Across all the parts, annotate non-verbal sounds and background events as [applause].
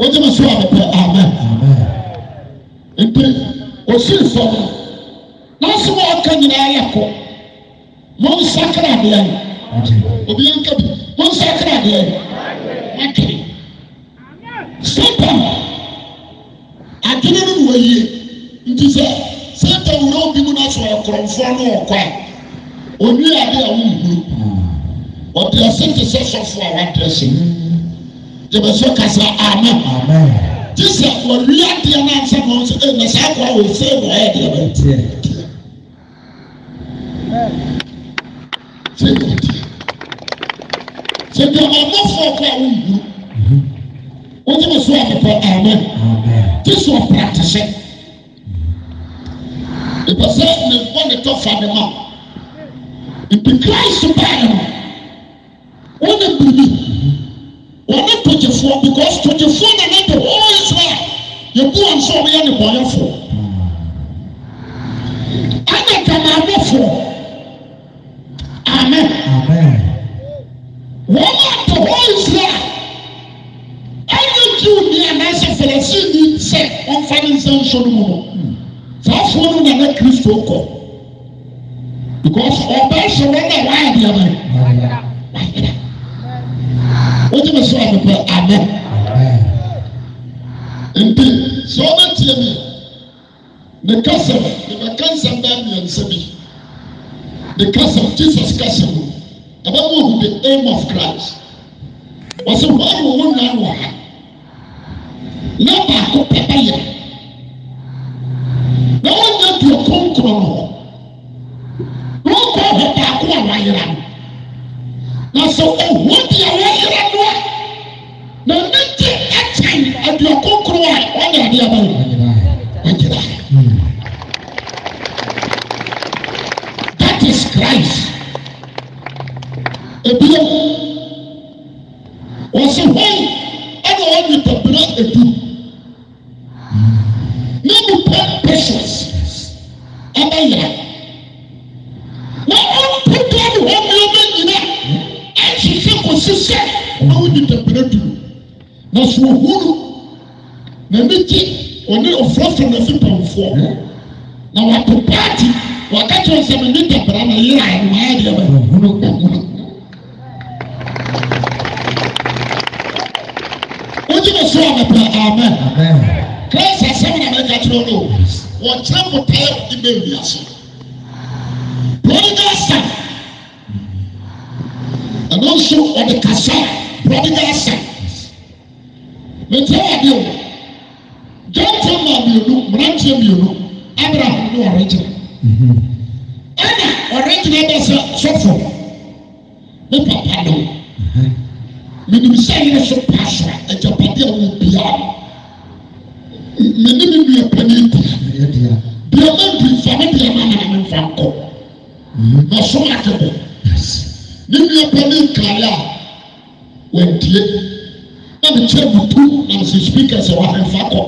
wọ́n gyina so àbẹ̀pẹ̀ amen nti osi nsọm n'asọ wọn aka nyinaa yẹ kọ wọn nsakra adeɛ yi obi yẹn nka bi wọn nsakra adeɛ yi n'akiri satan adwene no wɔ yie nti sɛ satan wura obi mu n'asọ ɛkorɔmfoɔ no ɔkɔ a onua adeɛ a wɔn mu ɔde ɛsɛ te sɛ sɔfo a wɔadrɛsɛ mu yɛbɛ so kasa amen ti sɛ wɔwia deɛ no ansɛ ma ɔn sɛ saa kora wɔ se wɔ ɛyɛ deɛ bɛ teɛ sɛ deɛ teɛ sɛ deɛ ma ma fɔ kɔ a wɔnhu so apɛpɛ amen ti sɛ ɔpra te sɛ ìpè ne bɔ ne tɔ fa ne ma ìpè kira baa yɛ no wɔn na wɔne togyefoɔ because togyefoɔ na ne de all israel yɛbu wɔn sɛ wɔyɛ ne bɔyɛfoɔ ɛna dwamaadɔfoɔ amen wɔn a de all israel ɛyɛ jiw ni anaasɛ fɛlɛsini sɛ wɔnfa ne nsa nso no mu no saafoɔ no na ne kristo kɔ because ɔbɛn sɛ wɔn a wɔayɛ deɛ wɔn ayɛ wɔayɛ wogye me sɛ ɔmepɛ anɛ nti sɛ wobɛtie me ne kasɛm mebɛka nsɛm bɛɛ mmiɛnsa bi ne kasɛm jesus kasɛm no ɛbɛma ohu the aim of christ wɔsɛ wɔne wo wo nnan wɔ ha na baako pɛpɛ yɛ na wonya duɔ konkrɔ no hɔ na wokɔ hɔ baako a wayera no na sɛ ɔhu deɛ No, noa na ne de akyɛn aduɔkokoro a ɔne ade aba wo agyera that is christ ebio wɔse hɔn ɛna wɔne tabira edu ne nipa patience. ɛbɛyera ma wo di temperature na so ohuru na ne gye ɔne ɔfrɔfrɔ na fi pɔnfoɔ na wato paati waka kyerɛ sɛ me ne tapara na yera ɛma ayɛ deɛ ba ohuru ohuru wogyina so a mɛpɛ amen kɛsɛ asɛm na mɛka kyerɛ no wɔkyerɛ mo pɛ de bɛ wiase prodigal ɛno nso ɔde kasa borɔde no asa metia adeɛ o dɔnta ma mmienu mmeranteɛ mmienu abraham ne ɔregyina mhm. ɛna ɔregyina bɛ sɛ sɔfo ne papa no menim mhm. sɛ yere so pasra agyapadeɛ a wɔ biara mene me nua panin ta deɛ manti fa ne deɛ ma nana memfa nkɔ mhm. na so makebɔ níbi ɛpɛ ne nkae a wɔntie na ne kyerɛ butu na sɛ speakers a wɔahemfa kɔ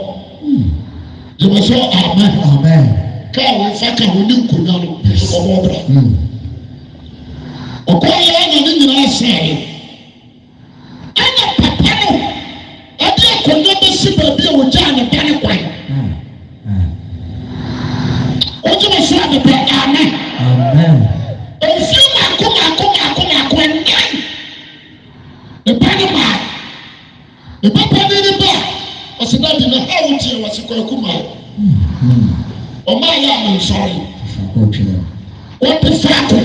yɛwɔ sɛ amen amen kaa wɔmfa ka ho ne nkonnwa no ɔbɔ bra ɔkɔɔ yɛ na ne nyinaa sɛe ɛna papa no ɔde akonnwa bɛsi baabi a wɔgyaa ne ba ne kwan wọ́n tún bá àdìpẹ́ amẹ́. Òfin nipa ne maa nipa pɛni ne ba ɔsi e na di na awo tiɛ wasi kɔlɔku maa ɔmo ayɛ awo nsɔre wɔpe faako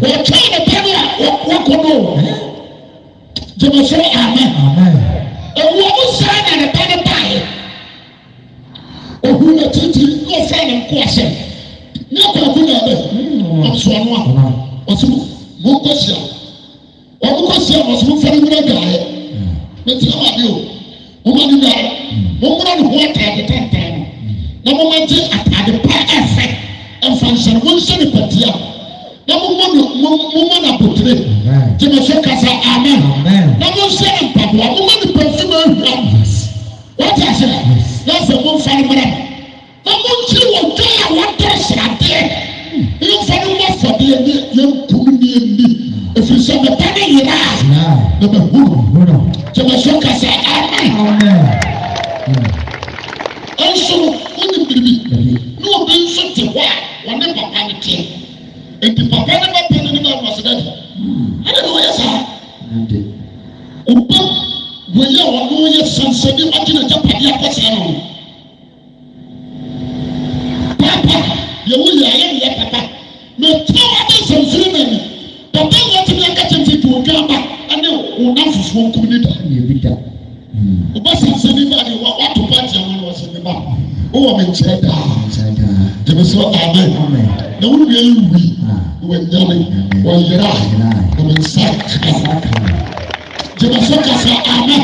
wɔtwa ne pɛni a wɔkɔ no jɛmɛsɛn amɛ ewu ɔmo sara na ne pɛni paayɛ ohun na titi ne ɔfa ne nko asɛ ne kɔlɔku na ɛbɛ ɔsɔ no a ɔsi mo mo nkɔ si a wɔn kɔ si ɔmo so fɛn nwura gaaɛ mɛti ɔmo adi o ɔmo adi gaaɛ wɔn nwura ne ho ataade tantan no na wɔn agye ataade pa ɛfɛ ɛfa nhyɛn wɔn nhyɛ ne pɛte a na wɔn mɔ no wɔn mɔ na potire gyemɛso kasa amen na wɔn nhyɛ ne mpaboa wɔn mɔ ne pɛfum ehua wɔte ase na afɛ wɔn fa ne mmerɛ na wɔn nkyiri wɔn dwa a wɔn tɛ sradeɛ yɛn fa ne mɔ fɔdeɛ ne yɛn kum ne yɛn ni ɛfiri sɛ nnipa ne nyinaa yɛbɛhuru sɛ wɔso ka sɛ amen ɛnso wonim biribi ne obi nso te hɔ a wɔne papa no teɛ nti papa no bɛpɛ no ne bɛwɔ sɛ dadi ɛne ne wɔyɛ saa ɔba wɔyɛ a wɔne wɔyɛ sansani ɔgye ne gyapadeɛ akɔsɛɛ no papa yɛwo yɛ ayɛ ne yɛ papa na ɔtɛ bàbá yìí láti ní ẹ̀ka tẹ̀sí tó ọ̀gá àbá ẹni òun náà fufuo nkú ní dà. Hmm. Ọba sì ń sẹ́ nígbà ni wà á tó pàtì àwọn ọ̀rọ̀ sí nígbà. Ó wà mí nkyẹn dà. Jẹ̀bi sọ amẹ́. Na wọ́n wíyẹn ń wí. Wọ́n nyàlè. Wọ́n yẹra. Wọ́n nsá kàkà. Jẹ̀bi sọ kàkà amẹ́.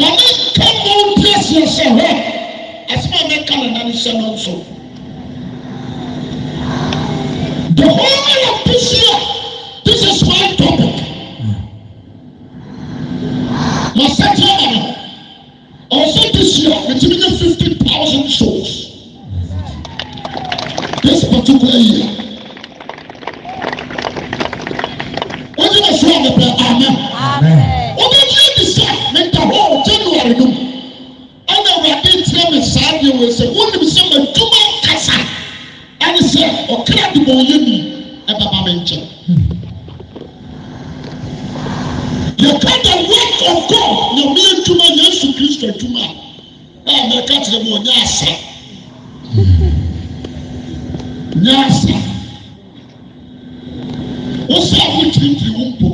Màmí kẹ́kọ̀ọ́ ń pèsè ẹ̀sẹ̀ rẹ̀. Àsìmọ̀ mi kàlẹ̀ náà ní sẹ́nu ọ̀tún. The whole na sẹ́tì ọ̀nà no ọ̀sẹ̀ this year ètí mi fifty thousand souls this particular year. wọ́n yẹ fún ọ̀nà pẹ̀ amen. wọ́n bẹ yí ẹni sẹ́ mi ta hó January nù ẹnna ìwádìí tiẹ̀ mi sáà yẹ wọ́n sẹ́ wọ́n ní mi sẹ́ mi dúmọ̀ kásá ẹni sẹ́ ọ̀kẹ́rẹ́ àdìbò yẹ mi ẹ yɛka eh, the work of god nyame adwuma yesu kristo adwuma a a mɛka kyerɛ mu ɔnyɛ asa nyɛ asa wo sɛ wotwintwi wo mpɔ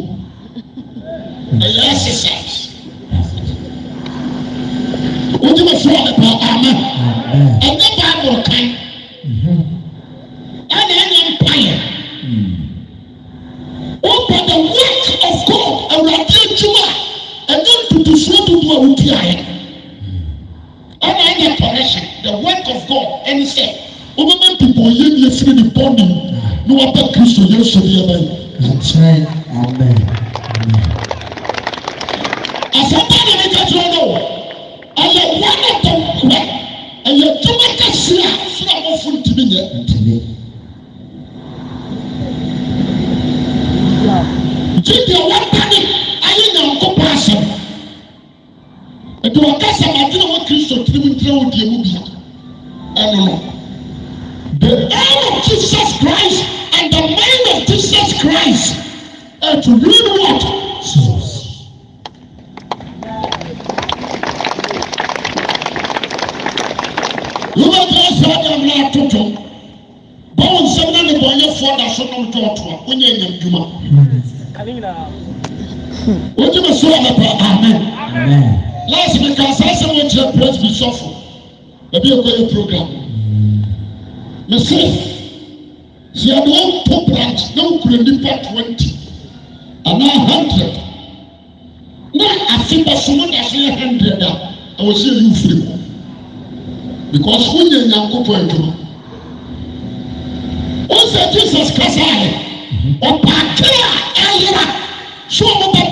na wɔbɔ kristo yesu bi yɛ bɛyɛ yɛn kyerɛ. nsɔfo baabi yɛ kɔyɛ program mese sɛ yɛde wɔnto branch na wokura nnipa twenty anaa hundred na afe bɛsomo da so yɛ hundred a ɛwɔ sɛ yɛyi wofiri hɔ because wonyɛ nyankopɔn adwuma wosɛ jesus kasaeɛ ɔpaakere a ɛyera sɛ ɔmobɛ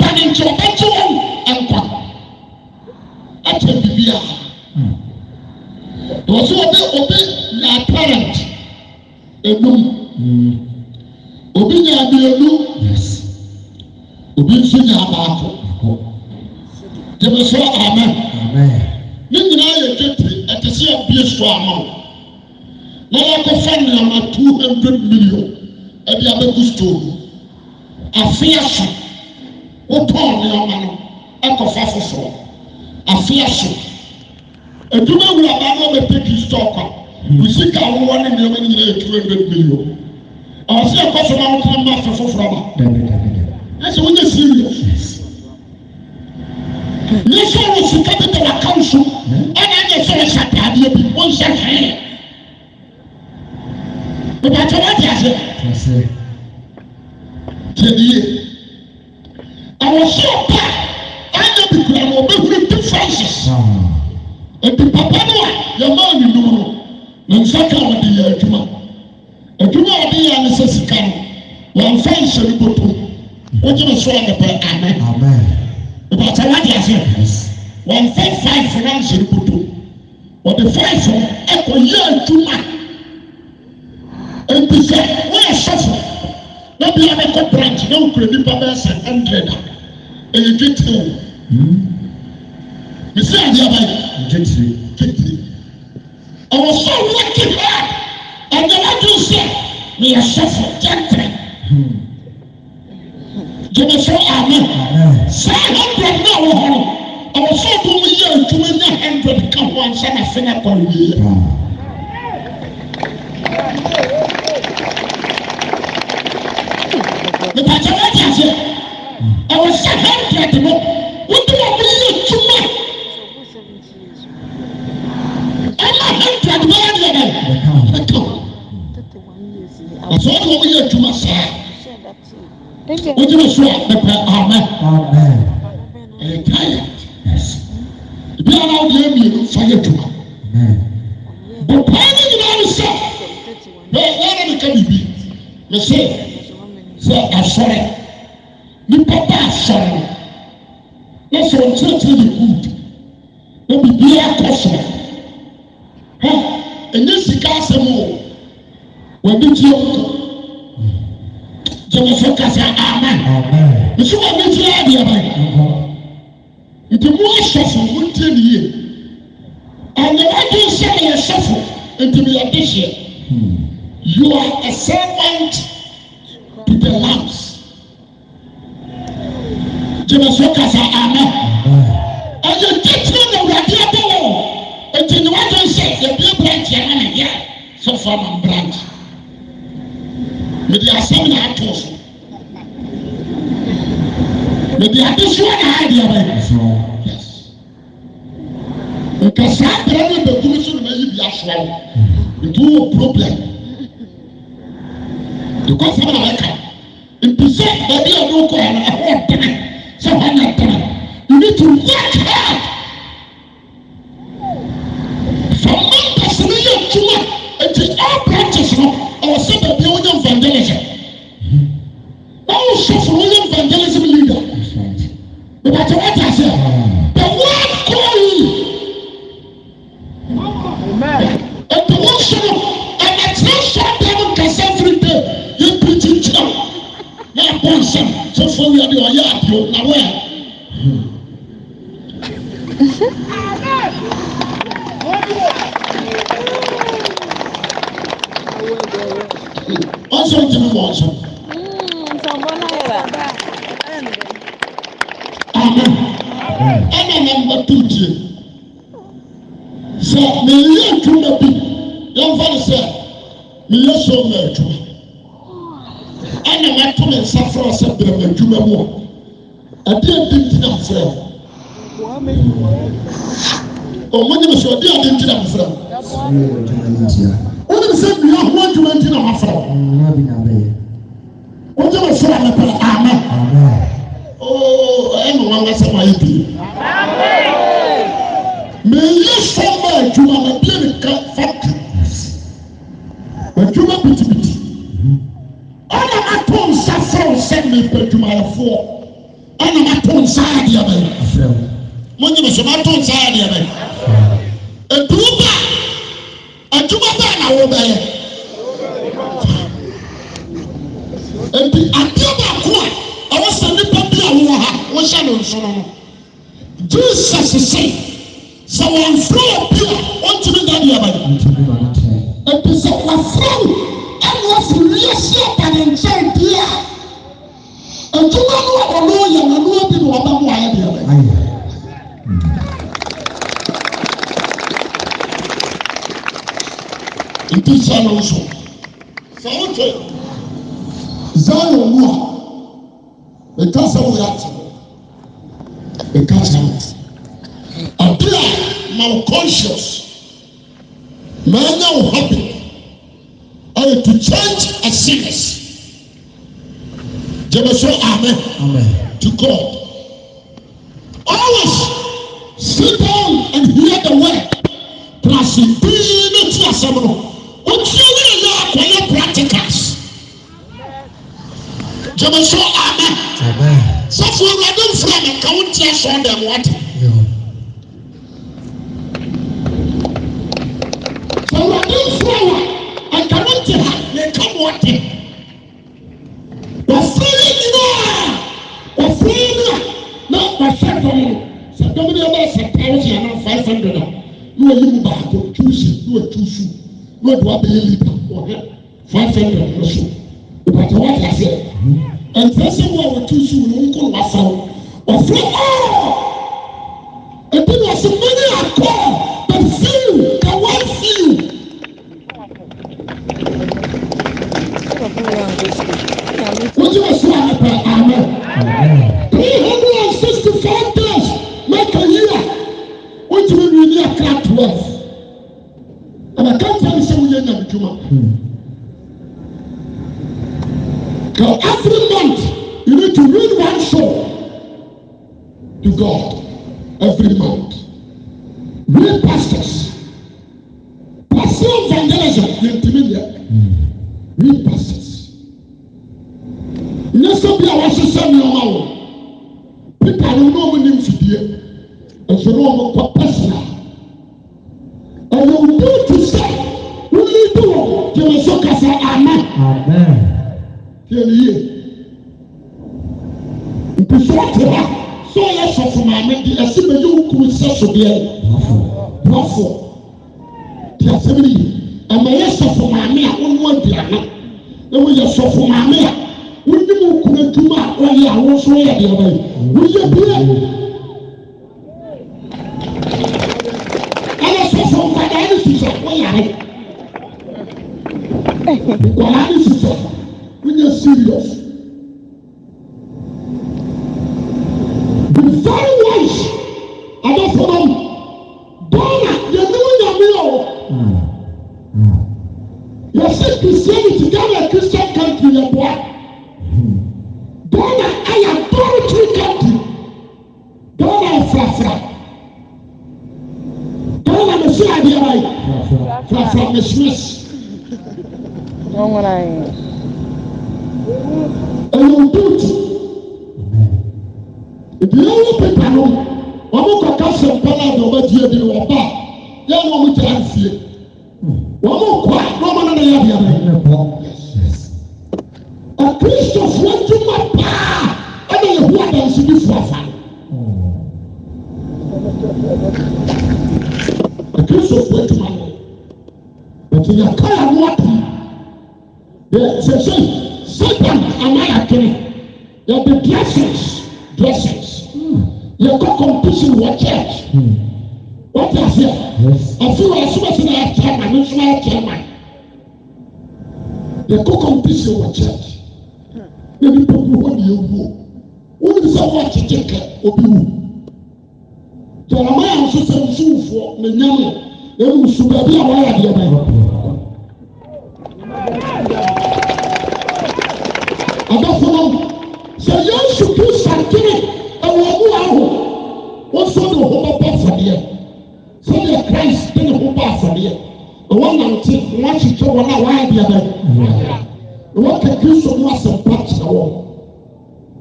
parent enum obi nya yes. obi nso nya baako tẹmẹsọ amen ne nyinaa yɛ kete ɛte sɛ abie so ama o na wakɔfa nneɛma two hundred million ɛde abɛgu store mu afea so wotɔn nneɛma no ɛkɔfa foforɔ afea so adwuma wura baa na ɔbɛpɛ di store kwan osika awowa ne nneɛma no nyinaa yɛ two hundred million ɔwɔ sɛ ɛkɔ so na wotena mma afɛ foforɔ aba ɛsɛ wonyɛ serious nyɛ sɛ ɔwɔ sika bi da waka nso ɛna nyɛ sɛ ɔhyɛ ataadeɛ bi ɔnhyɛ hwee ìbàtà wà di ase tiẹ nìyẹ àwọn sọ ọba ẹnyẹ bìkúrẹ àwọn ọbẹ hmm? wúlò differences ètò hmm. papa náà yẹ máa nínú wọn nsa ka wɔde yɛ adwuma adwuma a wɔde yɛ ne sɛ sika no wɔmfa nhyɛ no popo wogyina so anɔpɛ amen ebata wade ase wɔmfa five na nhyɛ no popo wɔde five no ɛkɔ yɛ adwuma nti sɛ woyɛ sɔfo na bi a bɛkɔ branch na wokura nipa bɛyɛ sɛ hundred a ɛyɛ dwetire o hmm? mesɛ adeɛ abayɛ dwetire dwetire ɔwɔ sɛ ɔwɔ ti hɔ a ɔwɔ wadum sɛ ne yɛ sɔfo tɛntɛn gyina sɛ ame saa hundred na ɔwɔ hɔ ɔwɔ sɛ ɔwɔ mu yɛ ntoma na hundred ka ho ansa na fɛn akɔrɔ yie. Nípa tí wọ́n ti àṣẹ, ọ̀wọ́ sẹ́ hundred no, wọ́n ti wọ́n mu yẹ. dɛn ɛtɔ ɔsɔ wɔn mo yɛ adwuma saa wogyina so a pɛpɛ amen ɛyɛ kaayɛ ebi ara wɔn yɛ mmienu fa yɛ adwuma bɔ paa ne nyinaa ne sɛ bɛɛ wɔn na ne ka bibi ne sɛ sɛ asɔre nipa ba asɔre no na sɔrɔ nkyerɛkyerɛ yɛ good na bibi akɔ sɔrɔ ɛnyɛ sika asɛm o wɔde tie nkɔ gyemɛfo kasa amen nso wɔde tie adeɛ ba nti mu asɔfo mu ntie ne yie ɛnna wɔde nhyɛ ne yɛ sɔfo nti ne yɛ de hyɛ you are a servant to the lambs gyemɛfo kasa amen ɛyɛ titiri na wɔde abɔ wɔn nti ne wɔde nhyɛ yɛ de atɔ farm and branch mede asɛm na ato so mede adesoa na adeɛ nka saa abɛrɛ ne bɛkuru so na mayi bi wo nti wowɔ problem dekɔ na mɛka nti sɛ baabi a wodewokɔɛ no ɛhɔ ɔdene sɛ hɔ nyɛ you need to work hard ìbàjẹ́ wọ́n ti àṣẹ the world call you. ètò wọn sọ̀rọ̀ ẹ̀nà tí ó sọ pẹ̀lú kẹsẹ̀ every day yẹ preaching to them. náà bọ̀ nsẹ́m fúnfún yẹ ni ọ̀yẹ́ àdìo náà so ɛna wato ne nsa fura sɛ bɛrɛmɛ adwuma mu a ɛde ɛde ntina afra ɔmo nyɛ sɛ ɔde ɛde ntina afra wɔn sɛ nnua ho adwuma ntina afra wɔn gyɛ wɔ fura ne pɛrɛ ama oo ɛna wɔn asɛ wɔn ayɛ bi mɛ n yɛ fɔm bɛ adwuma na bie ne. ato nsa mmepe adwumayɛfoɔ ɛna mato nsa adeɛ bɛyɛ monyim so mato nsa adeɛ bɛyɛ aduro ba adwuma ba na wɔbɛyɛ nti adeɛ baako a ɛwɔ sɛ nipa bi a wɔwɔ ha wɔhyɛ no nso no no jesus sɛ sɛ wɔmfrɛ wɔ bi a wɔntumi da deɛ bɛyɛ nti sɛ wɔfrɛ wo ɛna wɔfiri wiase aba ne nkyɛn deɛ a adwuma no a ɔno yɛ ɔno bi na ɔba mu ayɛ deɛ bɛ. nti sɛ no nso sɛ wotwe zion mu a ɛka sɛ woyɛ ate ɛka kyerɛ no ade a ma wo conscious my ɛnyɛ wo happy ɛyɛ to change a sickness jẹmẹsọ amen to God always sit down and hear the word plus bii ne ti asẹm no otu oye yẹ akọyẹ practicals jẹmẹsọ amen sọfọ ọwọde nfura mi ka o ti ẹsọ ọdẹ mu ọdẹ. Ọwọde nfura wa ẹka no ti ha na ẹka mu ọdẹ ɔfra yɛ nyinaa ɔfra yɛ na na ɔfra dɔm no sɛ dɔm no yɛ bɛ sɛ thousand anaa five hundred a na wɔyi mu baako tuusi na wɔtu su na wɔde wa bɛyɛ litre ɔhɛ five hundred no so ɔbɛtɛ wa ta seɛ ɛnfɛ sɛ wo a wɔtu su no nko na wasaw ɔfra ɔɔ ebi na ɔsɛ mmanyi akɔ pɛnsiw. adwuma now every month you need to read one soul to God every month. 荒漠。ìdílé wọn pèpè no wọn kọ káṣí mpala àti ọba tiẹ bi wọn bá yẹ wọn mu jẹ àǹfìẹ wọn mu kọ a wọn mu nana yẹ adiẹ bẹ akristofo adwuma paa ɛna yɛ hu adansi bi fua fa akristofo adwuma no ɛti yɛ kaa ano ata yɛ sɛsɛ satan ama yɛ kene yɛ de blessings blessings yɛ kɔ competition wɔ church wɔn ti ase a afi wɔ asomasi na yɛ chairman ne nso na yɛ chairman yɛ kɔ competition wɔ church na nipa bi hɔ na ewu o wɔn ti sɛ wɔn akyekye kɛ obi wu jɔlɔmaya nso sɛ nsuwufoɔ na nyamu na emu nsu baabi a wɔyɛ adeɛ bɛyɛ. Adafo no sɛ Yesu Kristo akiri nso de ho bɛbɔ afɔdeɛ sɛdeɛ christ de ne ho bɔ afɔdeɛ ɛwɔ nante wɔn akyekyɛ wɔn a wɔayɛ deɛ bɛ ɛwɔ kɛkɛ nso mu asɛmpa kyerɛ wɔn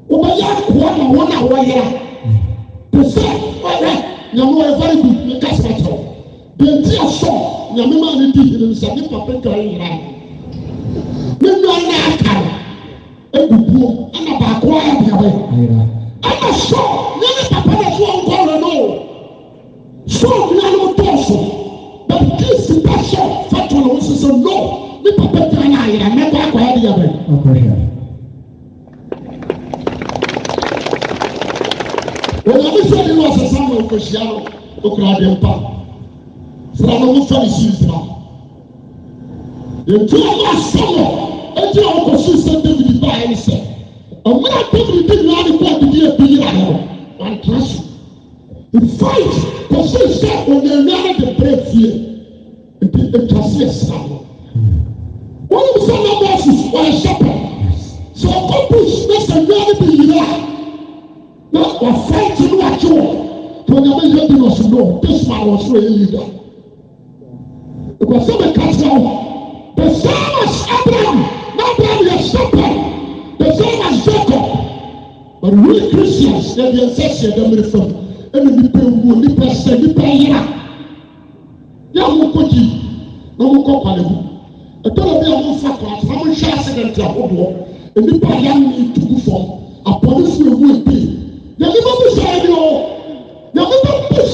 wɔbɛyɛ akoa na wɔn a wɔyɛ a te sɛ ɔwɛ nyame wɔyɛ fari bi ne kasa kyerɛ denti asɔ nyame maa ne di hiri nsa ne papa nka ne nyinaa ne nua na aka ebubuo ɛna baako ayɛ deɛ bɛ ɛna sɔ ne ne papa na so ɔwɔ sọ wia no dɔɔso bɛt kristi bɛ sɔ fatɔ na ɔsi sɛ no ne papa gyina na ayɛ mɛkɔ akɔyɛ de yɛ bɛ. onyame sɛ ne na ɔsesa ma ɔkɔhyia no ɔkura ade mpa sra no wofa ne sii sra yɛntu ɔma asɛmɔ ɛgye a ɔkɔsii sɛ david baeɛ ne sɛ ɔmmerɛ david de nyinaa ne bɔɔde deɛ ɛbɛyira no wantena so fight kɔsi sɛ ɔnyɛ nneɛma bebree fie ebi etwasi ɛsra no wɔn mu sɛ na bɔɔsi ɔyɛ sɛpɛ sɛ ɔkɔ bush na sɛ nneɛma bi yira na fight no wakye wɔ to ɔnyɛma yɛ bi wɔsi no this man was no yɛ leader ekɔsi bɛ kasa wɔ the same as abraham na abraham yɛ sɛpɛ the same as jacob but we christians yɛ bi ɛsɛ sɛ ɛdɛm refam ɛna nipa ewu nipa sɛ nipa yira yɛ ɔmo kɔ gyi na ɔmo kɔ kwale mu ɛdɔrɔ bi a ɔmo fa kɔ ato ɔmo hyɛ asidɛnti ahodoɔ nipa yɛ ɔmo etugu fam apɔlifo ewu ebi yɛ nipa bi sɛ ɛdi o yɛ nipa bi sɛ.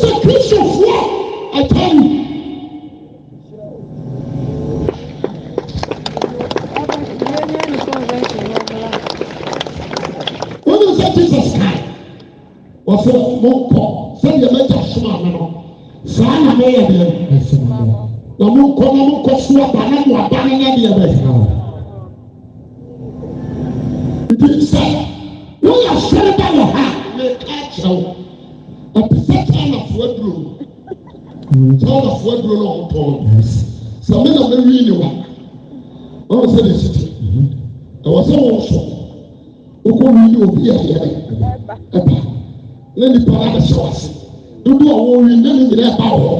mo nkɔ sɛdeɛ mɛgye asom ame no saa na mɛyɛ deɛ na mo nkɔ na mo nkɔ so aba na mo aba no nyɛ deɛ bɛyɛ nti sɛ woyɛ sɔre da wɔ ha mɛka kyerɛ wo ɛpɛ sɛ kyanafoɔ aduro no kyanafoɔ aduro no ɔntɔn sɛ me na mɛwi ne wa ɔno sɛ de siti ɛwɔ sɛ wɔn so wokɔ wi ne obi a yɛre ɛba na nipa na bɛ hyɛ ɔse dodo a wɔwi na ne nyinaa ba wɔ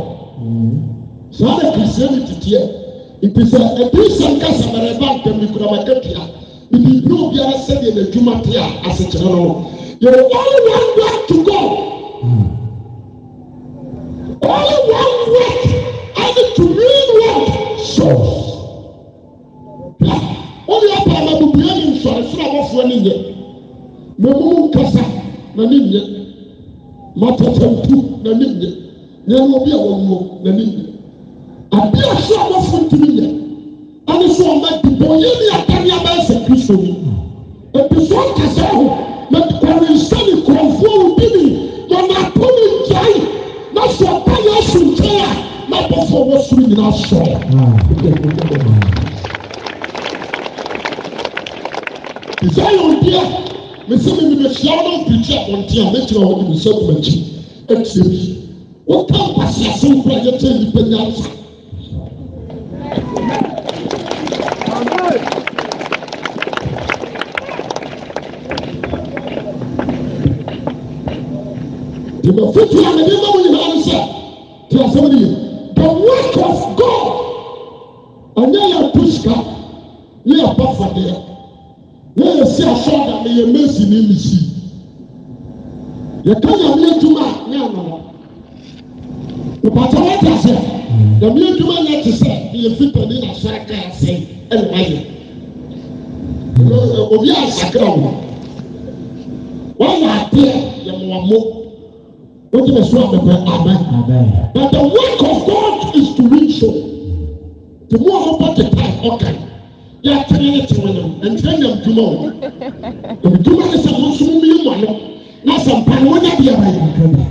saa na kaseɛ ne titiɛ nti sɛ ɛdi nsɛm kasa mɛrɛ ba ntɛm ne kura ma katua ebi bi obiara sɛdeɛ n'adwuma te a asekyerɛ no yɛrɛ only one way to go only one way ɛne to mean world source wɔn yɛ pa ama bubua ne nsɔresoro a wɔfoɔ ne nyɛ na wɔn mu nkasa na ne nyɛ mapɔpɔmpu n'ani nyɛ n'ewu bi a wɔwɔ n'ani nyɛ ade aso a wɔfo ntumi nyɛ ɛne so ɔmɛ dibɔ yɛ ne atani aba ɛsɛ kristu yi ebi so ɔkasa ho na kɔre nsa ne kurɔfoɔ obi ne wɔn ato ne gyae na so ɔba yɛ aso nkyɛn a n'abɔfoɔ wɔ soro nyinaa sɔrɔ. Zion deɛ mesi mi mi mehyia wɔn a pirikyi abɔnten a mekyerɛ wɔn de mi nsa kum akyi akyire bi wɔka mpasi asomfo a yɛkyɛ nipa nya nsa. Dèmɛ futu a mɛ ní ma wo nyinaa ni sɛ kí a sɛ mo ni yẹ. yɛka nyame adwuma a ne ɛno hɔ mpata wata sɛ nyame adwuma nyɛ te sɛ deɛ fitani nasɔre kaa sɛ ɛne wayɛ uh, obi asakra wo wayɛ adeɛ yɛmoamo wotumi so abɛbɛ amen but the work of God is to win soul te mu a wɔbɔ teta ɔkan yɛatene ne tene no ɛnkyerɛ nyam dwuma wɔ ɛdwuma ne sɛ monsom mmienu ano na sɛ mpana wonya deɛ bɛyɛ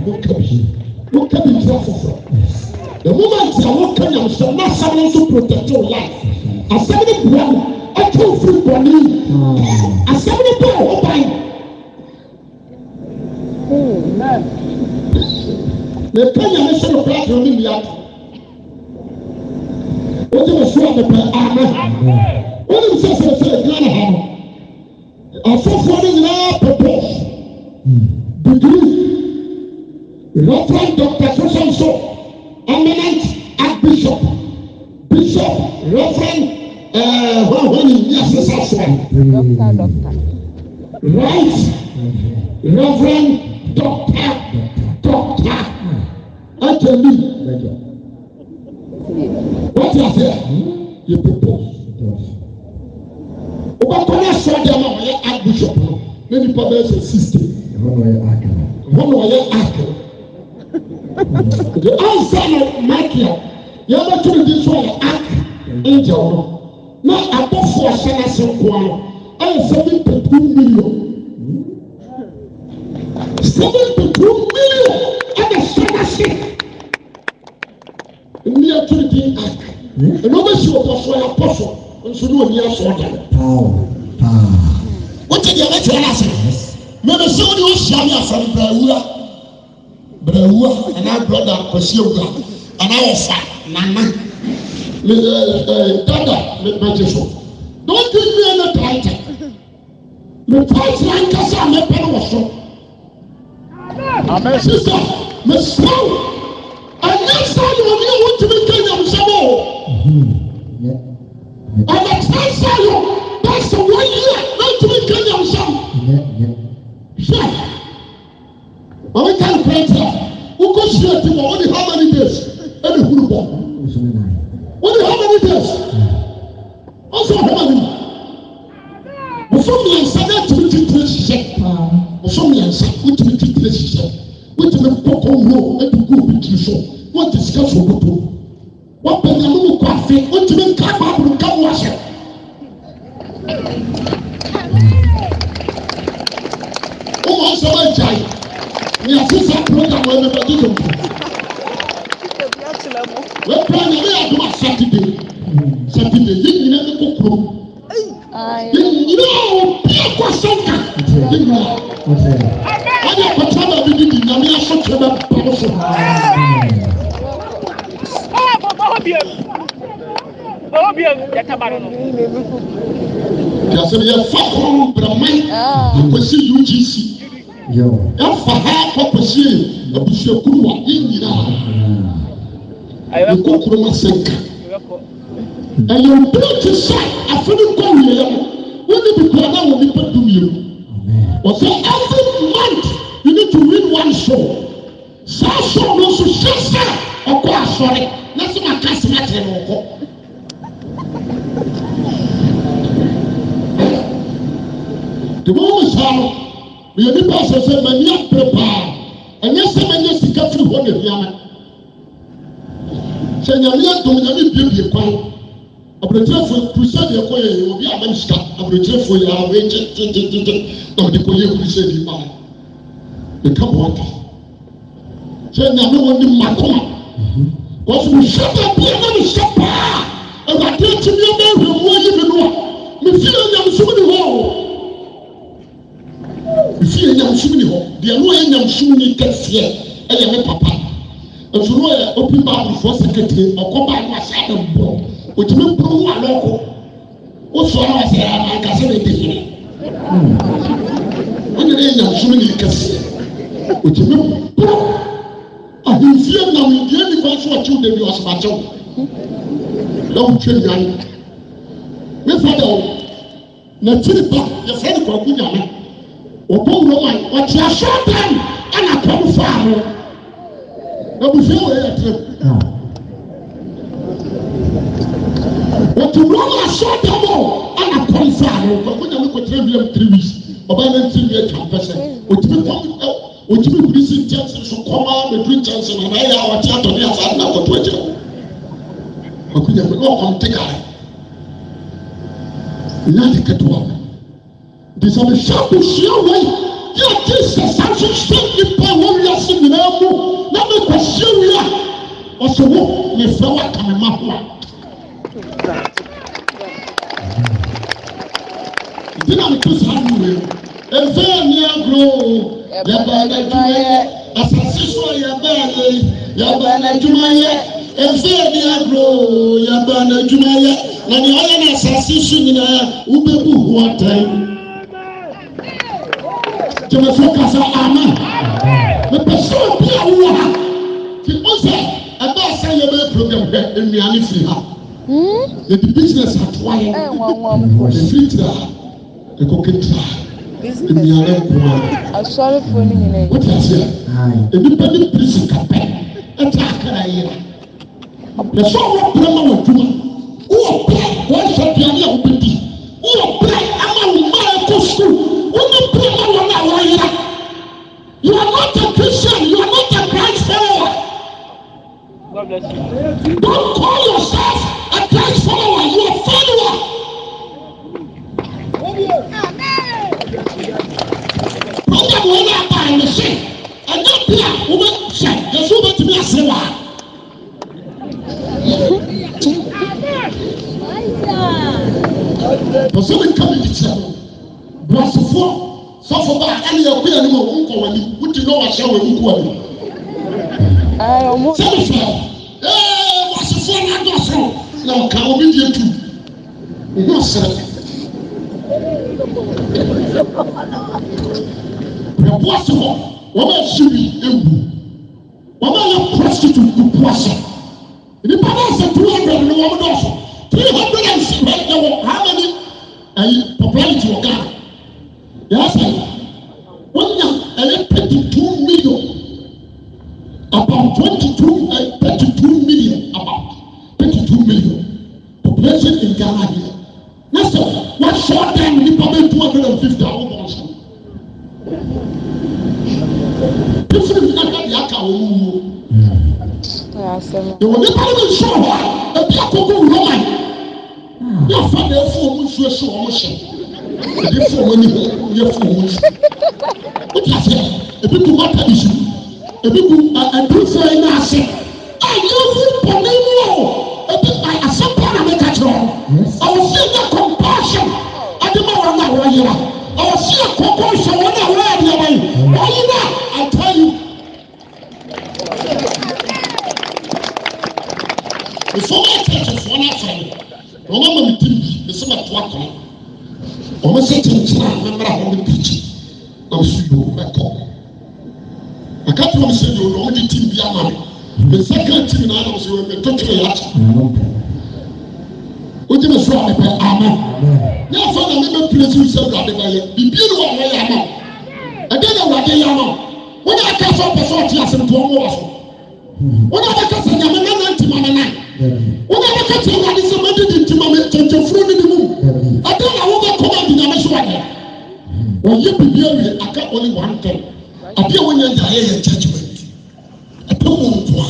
woka bi woka bi tia foforɔ the moment a woka nyamsɛm na asɛm no nso protect your life asɛm no boa no ɛtwe wo firi bɔne asɛm no boa wo ban na ɛka nyame sɛ no platro no nniato wogye wo so a mepɛ ame wonim sɛ sɛ sɛ ɛgana ha no afoforɔ no nyinaa pɛpɛ degree Reverend Doctor Dr. So, eminent archbishop bishop Reverend uh, Hohoni Yasesasan right Reverend Doctor Doctor Atemi what you are there you propose o bá kọ́ ní ẹ̀sọ́ archbishop ne nipa bɛyɛ sɛ sixty ɛhɔ na ɔyɛ akara ɛhɔ na ɔyɛ akara ɛdi ansa na maki a yaba tó ne di so ɔyɛ ak angel no na abɔfo ɔhyɛ n'ase nkoa no ɛyɛ seven to two million seven to two million ɛna hyɛ n'ase mmea tó ne di ak hmm? ɛna ɔbɛsi ɔbɔfo ɛyɛ abɔfo nso ne oni aso ɔda no deɛ ne teɛ n'ase mɛmɛ sɛ wɔde wɔn hyia ne asɛm brɛwura brɛwura anaa brɔda kwasi ewura anaa ɔfa nana ɛɛ ɛɛ dada mɛgye so don't give me any title mɛ title ankasa a mɛpɛ no wɔ so sisa mɛ sɔw ɛnyɛ sɔw yɛ wɔn yɛ wɔn tumi kɛ nyamusɛm o ɔmɛ tɛn sɔw yɛ pɛsɛ wɔn yɛ hwɛ ɔmo ka ne kwan tẹ wokɔ sua ti wɔ ɔde how many days ɛna huru bɔ ɔde how many days ɔsɛ ɔhoma ne mu wosɔ mmiɛnsa na tumi titire hyehyɛ wosɔ mmiɛnsa wotumi titire hyehyɛ wotumi kɔkɔ wuro ɛdugu obi tiri so wɔte sika so koto wɔpɛ nyame mu kɔ afe wotumi nka baabolo ka mu ahyɛ. ní yàtí sá program wẹ́n mi bàtí tó nkù. wọ́n pọ̀ ní ẹ̀rọ àdúrà sátidé sátidé yín nyina ní kókó. yín nyina ò bí ẹ̀kọ́ sọ́nkà yín nyina. wọ́n yẹ pàtàkì náà bí bíbí nyàmú yà sọ́kẹ́ bá bàbá fún mi. Yasẹ yẹ fa kọrọ braman akwasi UGC ɛfa ha kɔpɛsie abusuakuru wa ne nyinaa ne kokoro ma sɛ nka ɛyɛ obi te sɛ afɔni kɔ wiyɛ mu wɔn ni bikura na wɔn nipa dumuni mu wɔsɛ every month you need to win one show saa show no nso hyɛ sɛ ɔkɔ asɔre na sɛ ma ka sɛ ma kyerɛ na ɔkɔ. The moment is yɛ nipa sɛ sɛ mɛ nyɛ pere paa ɛnyɛ sɛ mɛ nyɛ sika firi hɔ na ɛhia mɛ sɛ nyame adom nyame biebie kwan aburokyerɛfo kurusa deɛ kɔ yɛ obi a bɛn sika aburokyerɛfo yɛ awo ekye tententente na ɔde kɔ yɛ kurusa bi ma nka bɔ ɔta sɛ nyame wɔn ni makoma wɔso mo hyɛ bɛ bia na mo hyɛ paa ɛwɔ adeɛ kyimiɛ bɛ hwɛ mu ayi mi noa mo fi yɛ nyamsom ni hɔ o efi yɛ nyamsum ni hɔ deɛ no yɛ nyamsum ni kɛseɛ ɛyɛ ne papa nso no yɛ open bible for secretary ɔkɔ baa no asa ne bɔ otumi mpuru wa lɔɔko wosɔ ara ah, sɛ ama nkasa na edi yɛrɛ wɔn yɛrɛ yɛ nyamsum ni kɛseɛ otumi mpuru ahemfie nam yɛ nipa nso ɔkyew dɛbi ɔsomakyɛw na wotwa nyan ne fa dɛ o na tiri ba yɛ fɛ ne kɔkɔ nyame ọbọ wọma yi ọtí asọtan ẹna pọm faamu ebusua wọ ẹyẹ tẹ ọtí wọma asọtan wọ ẹna pọm faamu ọkọ nyà mi kò tẹ ẹbi ẹm three weeks ọba ẹna ti mi ẹtwa pẹsẹ ọtí mi kọ ẹ ọtí mi biri si nkyẹnse so kọma mẹtiri nkyẹnse na ẹyẹ a ọtí atọ ní asa ẹna ọtọ ẹkyẹ ọkọ nyà mi ọkọ ntẹ kaa ẹyẹ adi kẹtọ wa de sɛ mehwɛ abusua wei yɛ ɔte sɛ saa nhwehwɛ nnipa a wɔwiase nyinaa mu na mekɔhyɛ wie a ɔsɛ wo mefrɛ woaka me ma ho a nti na mepɛ saa nwuwe ɛmfɛ yɛ nne agoroo yɛbaa n'adwumayɛ asase so a yɛbaa yɛ yɛbaa n'adwumayɛ ɛmfɛ yɛ nne agoroo yɛbaa n'adwumayɛ na nea ɔyɛ no asase so nyinaa wobɛbu ho atɛn jẹmẹsọ kasa ama mepẹsọ bi a wọ ha ti o sẹ ẹbẹ ẹsẹ yẹ bẹ program hẹ nnuane firi ha yẹdi hmm? business ato ayẹ efiri tira ekoke tira nnuane kuma asọrifo ni nyina yi wọ́n ti ase ẹ nipa ni polisi kapẹ ẹ ta akara yẹ yẹsọ wọ pẹlẹmà wọ juma wọ pẹ wọ nsọ pẹ ni a wọ bẹ di wọ pẹ ama. bless you. Don't call yourself a Christ follower. You are a follower. Wọ́n yẹ wọ́n yẹ apá ẹ̀mí sí ẹ̀dá bí a wọ́n bẹ sẹ̀ ẹ̀sùn wọ́n bẹ tẹ̀lé ẹ̀sìn wa. Bọ̀sẹ̀ mi bá ẹni ẹ̀kú yẹn ni mo ń kọ̀ ni, wọ́n ti náà wà sẹ́wọ̀n ẹ̀kú wọ́n ni. Sẹ́wọ̀n fẹ́ ee wasofoɔ no adɔso na ɔka obi deɛ tu ɛhu ɔsere ɛboa so hɔ wɔn a ɛsi bi ewu wɔn a yɛ prostitute ko boa so nipa náà sɛ two hundred ni wɔn dɔso three hundred and seven ɛwɔ how many ɛyi popularity wɔ ghana yɛasa yi wɔn nya ɛyɛ thirty two million about twenty eh, two thirty two. sɛ nyina na deɛ aka wɔ mu wuo ɛwɔ nipa no bi nsɔ hɔ a ebi akoko wuro man yɛfa na efu omu nsuo esi wɔn hyɛ ebi fu omu ani hɔ yɛfu omu nsuo wotu ase ebi gu wata bi su ebi gu adurufo yi na ase a yɛfu pɔnne mu o ebi a asɛmpa na mi ka kyerɛ o ɔwɔ fi yɛ compassion adi ma wɔn na wa ɔwɔ fi yɛ compassion wɔn na wɔn. nso wọn akyerɛkyerɛfoɔ no afra mo wɔn ama mi ti mi nso ma to akɔn wɔn sɛ kyenkyere a wɔn mmerɛ a wɔn di akyi na wɔn so yio ɛkɔ aka to wɔn sɛ yio na wɔn de ti bi ama mi mi nsa kan ti mi na anam so wɔn mi to twere yɛ akyɛ wọ́n ti mi sọ àmì pẹ̀ àmọ́ ní afa na mi bẹ pèlè sí ìṣe ìwádìí bá yẹ bìbí ni wọ́n wọ́n yẹ àmọ́ ẹ̀dẹ́ ni ìwádìí yẹ àmọ́ wọ́n yà á kẹ́ sọ́ọ́ pẹ̀ sọ́ọ́ ti àṣẹ tó náà wọn bɛ bɛka kyerɛ wade sɛ mɛde di ntoma mi kyɛnkyɛnfuro ne ne mu ɛdɛ na wɔn bɛ kɔn adi nyame so wade wɔyɛ bibi awie aka only one thing adi a wɔnyɛ nyɛ ayɛ yɛ judgement ɛpɛ wɔn nkoa.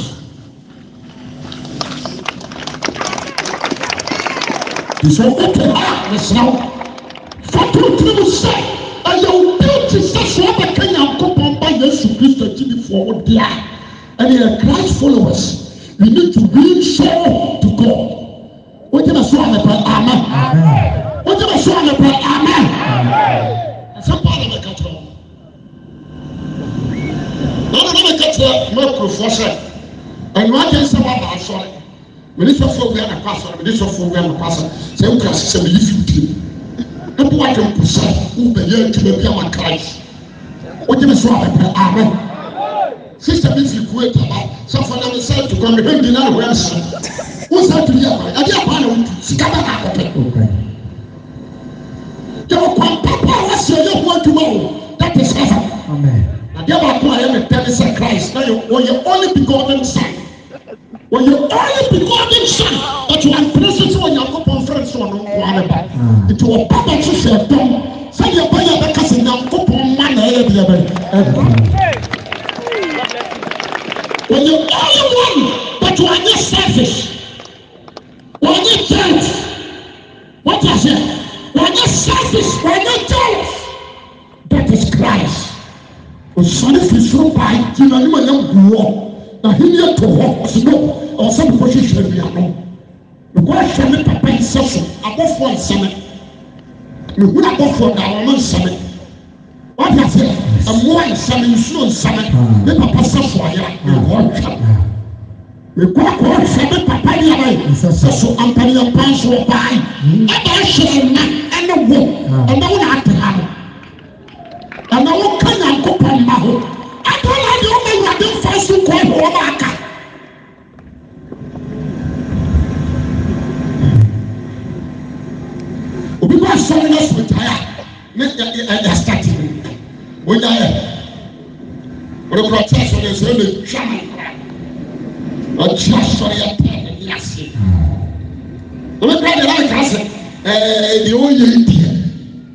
Nso wotu ha nesinaw fatu tirimu sɛ ɛyɛ obi ti sɛ so ɔbɛka nyankopɔn ba Yesu Kristo akyi ni fo ɔwɔ dea ɛni yɛ Christ followers we need to win soul to God. Wọ́n jẹ́ bá sọ àmì pa amen. Wọ́n jẹ́ bá sọ àmì pa amen. Ẹ̀sẹ̀ pa àlọ́ mẹ́ka tó. Lọ́dọ̀ náà mẹ́ka tó ní ọkùnrinfọ́ sẹ́, ẹ̀nu ajẹ́ nsẹ́ wà bá aṣọ rẹ̀. Mìíní sọ fún owó ẹ̀nàkọ́ aṣọ rẹ̀, mìíní sọ fún owó ẹ̀nàkọ́ aṣọ rẹ̀, sẹ́ ń kura sísẹ́ mi yí fi dì mí. Ebi wà dùn kù sẹ́, wọ́n bẹ̀ yẹ ẹ̀dùnmẹ̀ bí àwọn kàrà yìí. Wọ́n jẹ́ bá sọ àmì pa amen sista bi fi kue taba sɔfo na mi sɛ tukɔ mi hɛn bi na wɛ so o sɛ tuli akɔ ɛdi akɔ na o tu sika bɛ na akɔ pɛ yɛ kɔ papa a wasi ɛyɛ ho adwuma o that is heaven adeɛ baako a yɛ mi pɛ mi sɛ Christ na yɛ wɔyɛ only begotten son wɔyɛ only begotten son ɛtu ampere sisi wɔ nyanko pɔn fɛn so ɔno nko ara ba nti wɔ papa so fɛ dɔn sɛdeɛ bɛyɛ bɛka sɛ nyanko pɔn ma na ɛyɛ deɛ bɛ ɛdɔn. mehu abɔfoɔ na wɔn nsɛmɛ wɔde aseɛ ɛmoa nsɛmɛ nsuo nsɛmɛ ne mm. papa sɛ fɔyera ne kɔɔtwa mm. mekɔ kɔɔtwa ne papa ne yaba yi sɛ so ampaniya pan so wɔ paa yi mm. ɛna ahyɛ ɛna ɛne wɔ ɛna wɔn atɛ ha no ɛna wɔn ka nyankopɔn ma ho. ɛyɛ stati wonya yɛ wɔrekura ɔkyerɛ sɔrɔ ɛsɛ ɛna etwa ne kora ɔkyerɛ sɔrɔ yɛ pɛɛ ne ne ase wɔrekura deɛ wɔn kaa sɛ ɛɛ deɛ wɔyɛ deɛ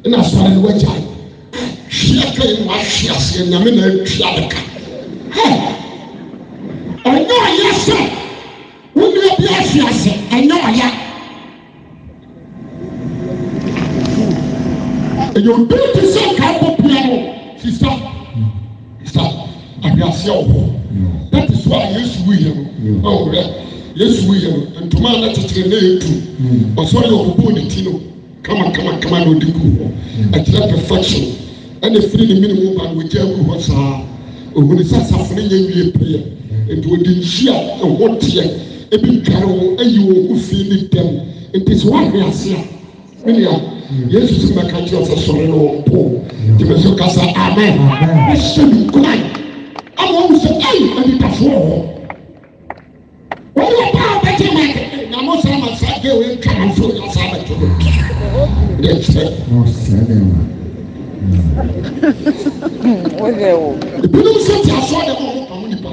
ɛna sɔrɔ ne wɔgya hwea ka yi mu ahwe aseɛ nyame na atwa ne ka hɛ ɔnyɛ ɔyɛ sɛ wɔn nua bi ahwe ase ɛnyɛ ɔyɛ. ɛyɛ obi ti sɛ ɔka ɛbɔ pia no sista sista awiase ɔwɔ that is why yesu wiyɛ no ɔwura yesu wiyɛ no ntoma a n'akyekyere ne yɛ tu ɔsɔre yɛ ɔbɔ ne ti no kama kama kama na ɔde gu hɔ ɛkyerɛ perfection ɛna efiri ne minimu ba na ɔgya gu hɔ saa ohun sɛ asafo ne yɛ wie pɛyɛ nti ɔde nsi a ɛwɔ teɛ ebi nkari wɔn ayi wɔn ho fi ne dɛm nti sɛ wɔahwe ase a ɛna yesu si bɛka kyerɛ sɛ sɔre no wɔ po tìmɛ so kasa amen ɛhyɛ mi kura yi ama ɔmu sɛ ɛyi ɛnitafoɔ wɔ wɔn wɔ pa a bɛgye ma ɛ na mo sɛ ma sɛ ɛyɛ oye nkama nso na sɛ ɛbɛ to do ɛyɛ kyerɛ. ebinom sɛ ti asɔ de mo ɔmo nipa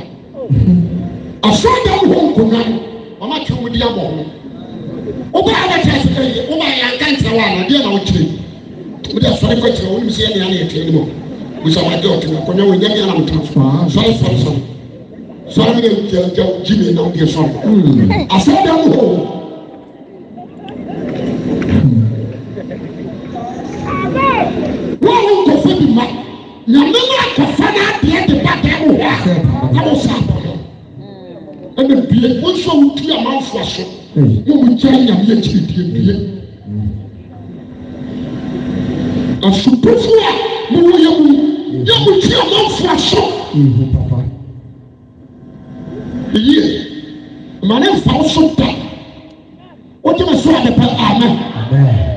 asɔ de mo wɔ nkonnwa no wɔn atwi mo di abɔ ho wọ́n a wọ́n hmm. hmm. ti ase ka yie wọ́n a yà nka ntina wọ́n àná díẹ̀ náà wọ́n kyerè wọ́n di asọ́rọ́ kọ́ kyerè wọ́n mu sẹ́yìn ní àná yẹ kyerè ni mọ́ musawa di ọ̀tún ẹ̀kọ́ ní ọ̀wọ́ ẹ̀yẹ́ mi àná mi tán sọ́rọ́ sọ́rọ́ sọ́rọ́ sọ́rọ́ mi náà jẹ́ jẹ́ jí mi náà di sọ́rọ́ asọ́rọ́ dẹ́ mu hó. wọ́n wọ́n kò fún mi ma nyàmú náà kò fún mi adìẹ ti bá dẹ́ mu hó a wọ́n sọ àbọ̀ náà ẹ̀mẹ̀ bìí wọ́n sọ wọ́n ti àmà fọ́ so wowu kyerɛ nyame akyiri diedie asopofo a mowɔ yɛ mu yɛ mo kyi ɔmanfoa so yie ma ne mfa wo so da wogye me so adepɛ ama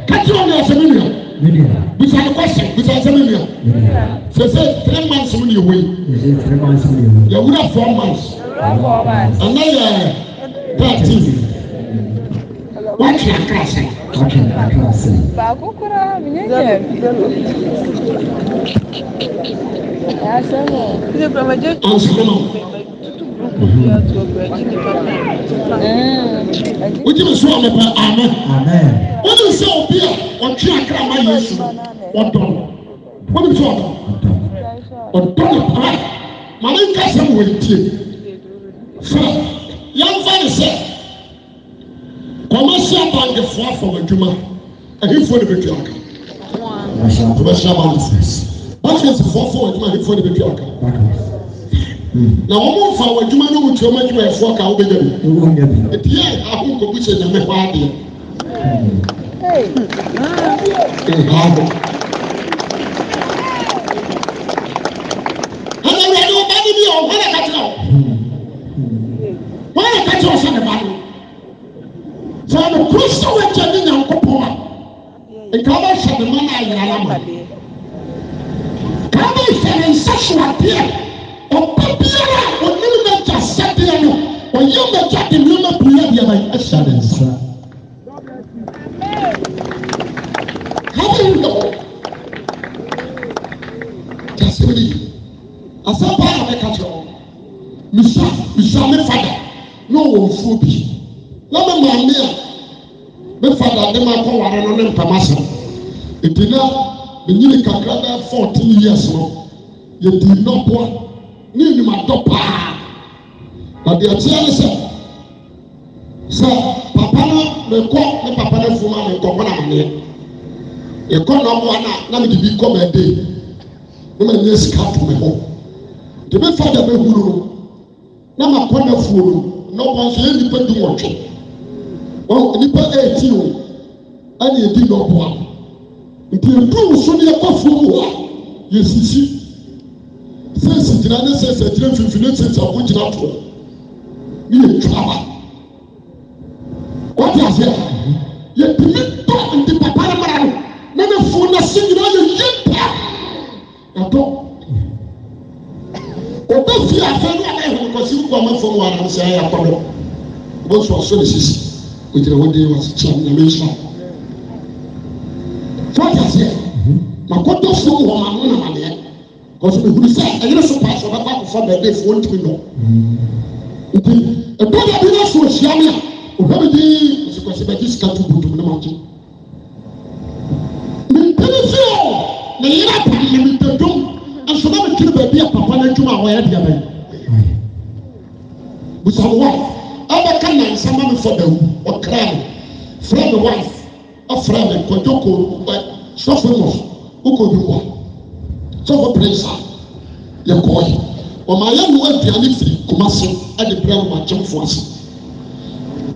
ka kyerɛ ɔne asɛ me nua bisa ne kɔsɛ bisa asɛ me nua sɛ sɛ three months mo ne yɛwei yɛwura four months ɛnɛ yɛ thirteen Watu na kaa sai. Watu na kaa sai. Ba ko kura mnyenye. Ya sema. Kile kwa maji. Ansikoma. wogye me so a mepɛ amen wone sɛ obi a ɔtwe akra ma yesu ɔdɔ no wone sɛ ɔdɔ ɔdɔ no paa ma menka sɛ mewɔntie sɛ yɛmfa ne sɛ wɔmasi abangefoɔ afɔm adwuma ahefoɔ ne bɛtua aka wɔmasi abangefoɔ bakɛnsifoɔ afɔm adwuma ahefoɔ ne bɛtua aka na wɔn mfa wɔn adwuma ne wɔn tuoma adwuma ɛfoɔ ka wɔbɛnya bi ebi yɛ ahomko bi sɛ nyame hɔ adeɛ ɛhaabo ɛna wɔde ɔba ne bi a ɔhɔn akakyerɛ wɔn wɔn akakyerɛ ɔsɛ ne ba no sɛ ɔde kuro sɛ wɔagya ne nyankopɔn a nka wɔbɛhyɛ ne ma no ayera no ma ka wɔbɛhyɛ ne nsa so adeɛ ɔba biara a ɔnim n'agya sɛdeɛ no ɔyɛ n'agya de nneɛma pii adeɛ ma ahyɛ ne nsa hallelujah kasiri asɛmpa a mɛka kyerɛ ɔ mesua mesua me fada na ɔwɔ nsuo bi me maame me fa dade ma kɔ ware no ne ntama so nti na menyini kakra bɛɛ fourteen years no yɛdi nnɔboa ne nnwumadɔ paa na deɛ teɛ ne sɛ sɛ papa no mekɔ ne papa no fuma me nkɔmɔ na maneɛ yɛkɔ nnɔboa na na mede bi kɔ ma de ne ma nyɛ sika to me ho nti me fa da bɛhuru no na makɔ na fuo no nnɔboa nso yɛ nnipa du wɔtwe wɔn nipa eighteen o ɛna edi n'ɔboa nti edu nso ne ɛkɔ fam hɔ a yɛsisi sɛnsi gyina ne sɛnsi gyina mfimfini sɛnsi ako gyina toɔ ne yɛ twaba wɔte aseɛ yɛtumi tɔ nti papa no mara no na ne funu na se nyinaa yɛ yie paa ɛdɔ ɔbɛ fi afɛ no a bɛ hɛn kɔsi nkɔ ɔmɛ fam wɔ anam sɛ ɛyɛ akɔdɔ ɔbɛ so ɔso ne sisi wogyina hɔ den wasekyɛ nyame nhyira fɔte aseɛ makɔtɔ fuo wɔ ma no namaneɛ ɔso mehunu sɛ ɛyere so paa sɛ ɔbɛkɔ akɔfa baabi fuo ntimi no nti ɛtɔ da bi na so ahyia me a ɔhwɛ me dii ɔsekɔsɛ bɛgye sika to botom ne magye mentene fie o ne yera pam ne metadom nso na metwene baabi a papa no adwuma a wɔyɛ deɛ bɛn busawo wa abɛka nansa ma no fɔ dawu ɔkra no frɛ ne wife ɔfrɛ ne nkɔjɔko ɛ sɔfo mɔ wokɔdu hɔ sɔfo prinsa yɛkɔɔyɛ ɔma yɛ no aduane firi koma se ɛde brɛ no makyɛmfo ase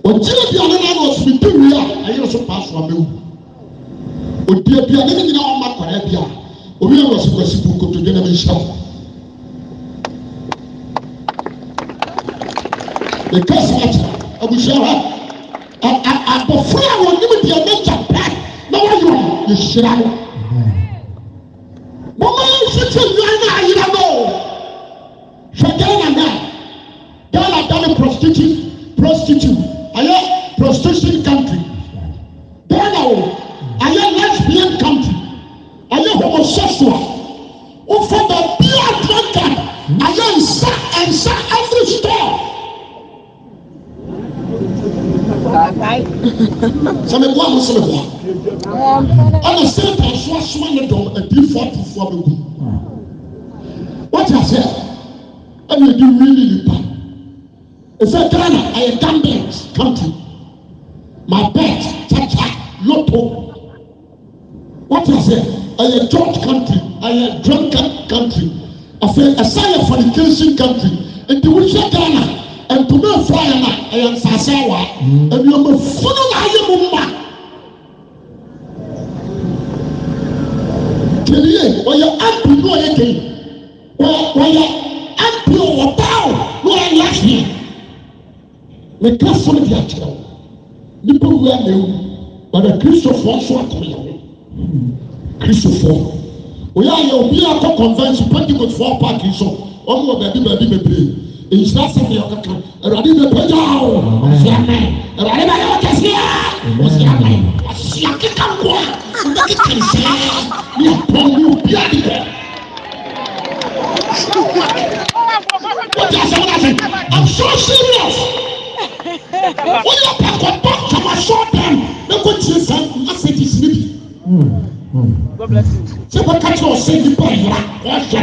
ɔgye aduane no ana ɔsome bi wie a ɛyere so paa so amɛwu ɔdi aduane no nyina ɔma kɔrɛ bi a obi a wɔsi kwasi bu nkotodwe na bi nhyɛ wo ɛka saa kyerɛ abusua hɔ abɔfra a wɔnim deɛ ɔmɛgya pɛ na wɔyɛ yɛhyira no wɔma yɛmfete nnwan no ayera no hwɛ ghana na ghana da ne prostitute prostitute ɛyɛ prostitution country ghana o ɛyɛ lesbian country ɛyɛ homosexual ɛna satan so asoma ne dɔm adiifoɔ atufoɔ bɛgu wɔte aseɛ ɛna edi wili nipa efe ghana ɛyɛ gambit country my bet kyakya loto wɔte aseɛ ɛyɛ church country ɛyɛ drunken country afei ɛsa yɛ fornication country nti wohyɛ ghana ntoma efo ayɛ na ɛyɛ nsaase awa ɛnuama mm. funu na ayɛ mu mma. atɛniye ɔyɛ ampi ne ɔyɛ kɛyi ɔyɛ ampi ɔwɔ baawo ne ɔyɛ lafiya ne ka fɔlɔ bi akyerɛw nipa wura na ewu bana kristofoɔ nso akɔyɛ kristofoɔ ɔyɛ ayɛ obi akɔ convention pentikot fɔ paaki so ɔmo wɔ baabi baabi bebree nhyira sɛbi ɔkaka ɛwurade bɛ pɛgya awo ɔsi amɛ ɛwurade bɛ yɛ ɔkɛseɛ ɔsi amɛ ɔsi akeka nkoa anake kyɛnsee ne mpɔnne obi adi hɔ wote asɛm no ase i'm so serious woyɛ pakɔbɔ kamasɔɔdan ne kɔtie saa asɛtis ne bi sɛ bɛka kyerɛ ɔsɛ nnipa yera ɔhwɛ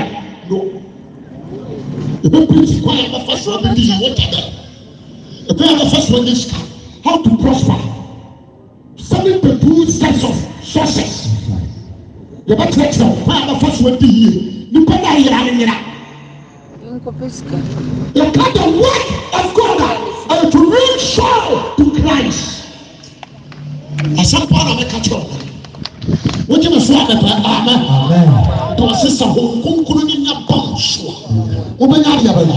no ɛbɛpiriti kwan a bɛfa soɔ bɛdi yi wotada ɛbɛyɛ bɛfa soɔ ne sika how to prosper Something sani bebree types of sources yɛ bɛ kyerɛkyerɛ hɔ first bɛfa to adi You nipa na yira ne yira. yɛka the word of God and to reach soul to Christ. asɛmpa na mɛka kyerɛ wo wogye What you abɛpɛ amɛ dɔ sesa Amen. nkonkoro ne nya bɔ nsoa wobɛnya adeɛ bɛyɛ na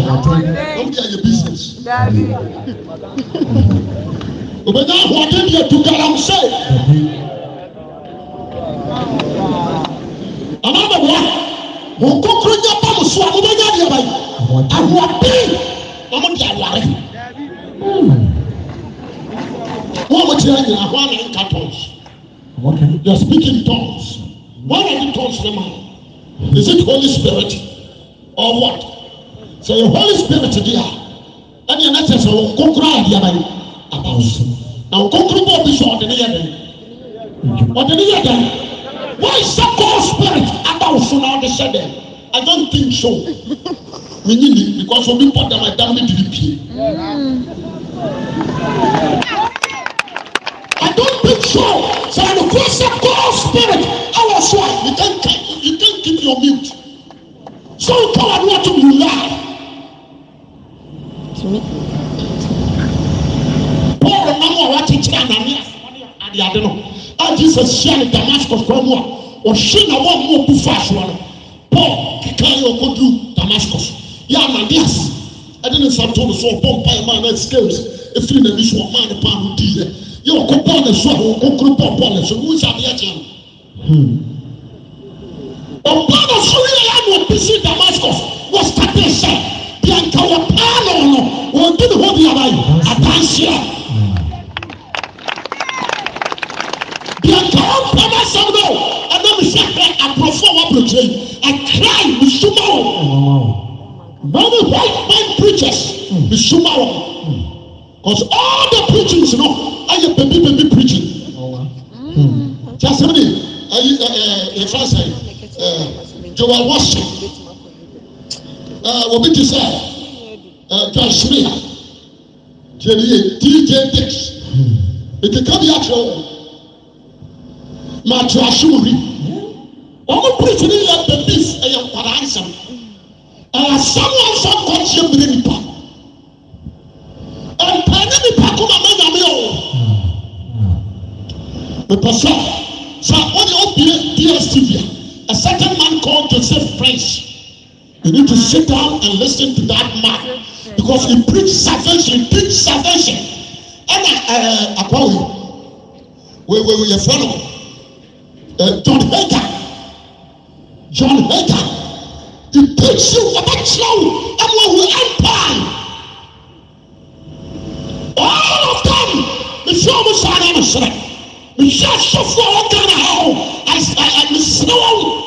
wode your business [laughs] obɛnya ahoɔden deɛ tu galamsey ama bɛboa wɔn kokoro nyɛ ba mo so a obɛnya deɛ ba yi ahoɔden na mo de aware wɔn a mo kyerɛ nyina hɔ ana nka tons they are speaking tons wɔn a de tons ne ma is it holy spirit or what so, yɛ holy spirit dear. ɛdeɛ na kyerɛ sɛ wɔn kokoro adeɛ abanso na nkonkuru bɔ bi so ɔde ne yɛ dɛ ɔde ne yɛ dɛ why sacred spirit abanso na ɔde hyɛ dɛ i don't think so mi nyi ni because omi bɔ dama dam ne diri pie i don't think so sɛ ɔde kó sacred spirit awɔ so a you can you can keep your mute so nkɔla ni wɔn to be lie paul ma a wakyekyere anania ade ade no a jesus hyia no damascus kwan mu a ɔhye na wɔn mu obu fa asoɔ no paul keka yɛ ɔkɔduru damascus yɛ ananias ɛde ne nsa to no so ɔbɔ mpa yɛ maa na scales efiri n'ani so ɔmaa ne paano di yɛ yɛ ɔkɔ paul na so a ɔkɔkuru paul paul na so wɔn nsa adeɛ kyɛn no ɔbaa na so yɛ yɛ ano ɔbisi damascus wɔ stati sɛ deɛ nka wɔ paano no wɔn di ne hɔ bi abayi. nkurɔfo a wɔapɛkyerɛ yi akra yi mesuma wɔn white man preachers mesuma wɔn cause all the preachings no ayɛ baby baby preaching ti asɛm ni ayi ɛɛ efa sɛ ɛɛ jowa wɔsi ɛɛ obi ti sɛ ɛɛ john smith ye dj dix ètè kábi àtúrọ̀ wọn màá tó aṣọ òbí wɔn preach ni yɛ babies ɛyɛ nkwadaa nsɛm ɛyɛ asɛm a nfa nkɔkye mmiri nipa mpɛni nipa kuma mɛ nyame o mepɛ sɛ sɛ wɔde obie dstv a a certain man called joseph prince you need to sit down and lis ten to that man because he preach salvation he preach salvation ɛna ɛɛ akwawo yi wɛwɛ yɛ fɛn no ɛɛ john baker. John Hager, he puts you about slow and when we empire. All of them, the show was on him, sir. The shot so far, what kind of hell? I said, I'm slow.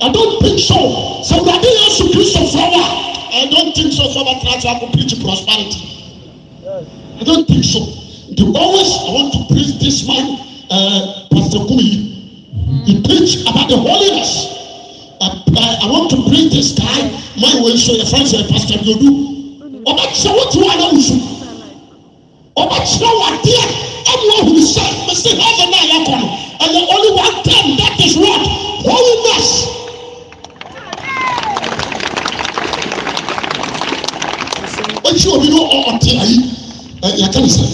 I don't think so. So, what do you ask Christopher? I don't think so. Someone tries to preach prosperity. Yes. I don't think so. The always I want to preach this man, uh, Pastor Kumi. He preached about the holiness. I, I, I want to bring this guy My way, so your friends and pastor, you do. Ọbẹ̀kyẹ̀ wọ́n ti wá náà wùsù. Ọbẹ̀kyẹ̀ wọ́n adé ẹ̀ ẹ̀mú ọ̀hún sẹ́ Mr. Heaven náà yẹ kọ́ no. And the only one thing that is what? Holiness. Ọ̀kyẹ̀ omi ní ọ̀ọ̀tẹ̀ ayé. Ẹ yà kẹ́mi sẹ́,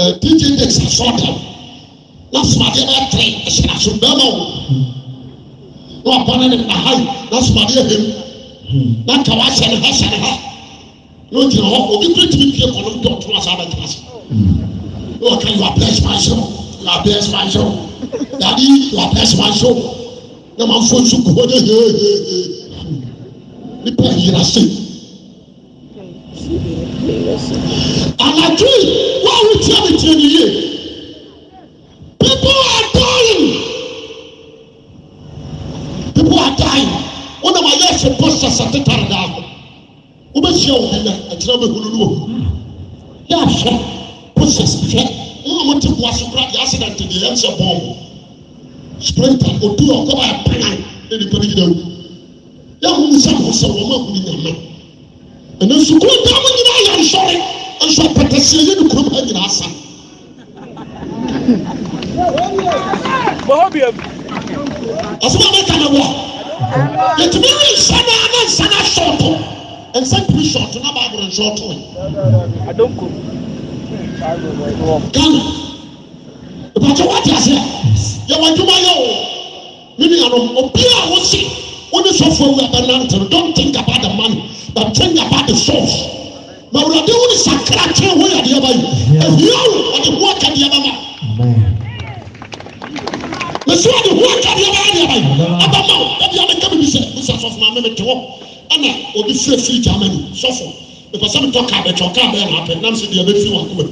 ẹ PJ Dex asọ́ọ̀dà. N'asọ̀mọ̀dé ẹ̀ bá tẹ̀ ẹ̀ sọ so bɛrima wo na wapɔne ne na hayi na somadeɛ hem na nka wahyɛ ne ha hyɛ ne ha na ogyina hɔ obi kura tumi pie kɔ no bi dɔn tuma saa bɛtena se na wɔka yɛ apɛs ma nhyɛ wo yɛ apɛs ma nhyɛ wo dade yɛ apɛs ma nhyɛ wo na ma nfo nso kɔɔ de hehehe nipa yira se anadwo yi wa awo tia ne asɛtetare daa hɔ wobɛhyia wo hɛnɛ agyina bɛhunu no wɔ yɛahwɛ process hwɛ wona mote boa so kora deɛ accident deɛ yɛm sɛ bɔɔ mo sprinter ɔdu a ɔkɔba ɛpana ne nipa no gyina wu yɛahunu sɛ ho sɛ wɔma ahunu nyame ɛna sukuu daa mo nyinaa yɛ nsɔre nso apɛtɛseɛ yɛ ne kurom ha nyinaa sa asoma bɛka na wɔ yɛtumi wo nsa no ana nsa no asɔɔto nsa piri sɔɔto na baabolo nsa ɔto yi. gana ìbàjẹ́ wọ́n ti ase yẹwà adwuma yẹ o nínú yàrá obi a wọ́n si wọ́n ní sọ́fọ̀ wíwá bẹ́ẹ̀ náà tẹ̀lé don't think about the money but think about the source. na wúlò adé wọ́n ní sakra kyerè wọ́n yàrá yẹ báyìí èyí yóò wọ́n ti wọ́n kàdé yẹ bá ma mesu adi hu akadeɛ bɛyɛ deɛ bɛyɛ abama o ebi abɛka mi bi sɛ nsa sɔfo maame mi te hɔ ɛna obi fie firi germany sɔfo mipasɛ mi tɔ kaa bɛtɔ kaa bɛyɛ na apɛ nam si deɛ bɛfiri wa kuma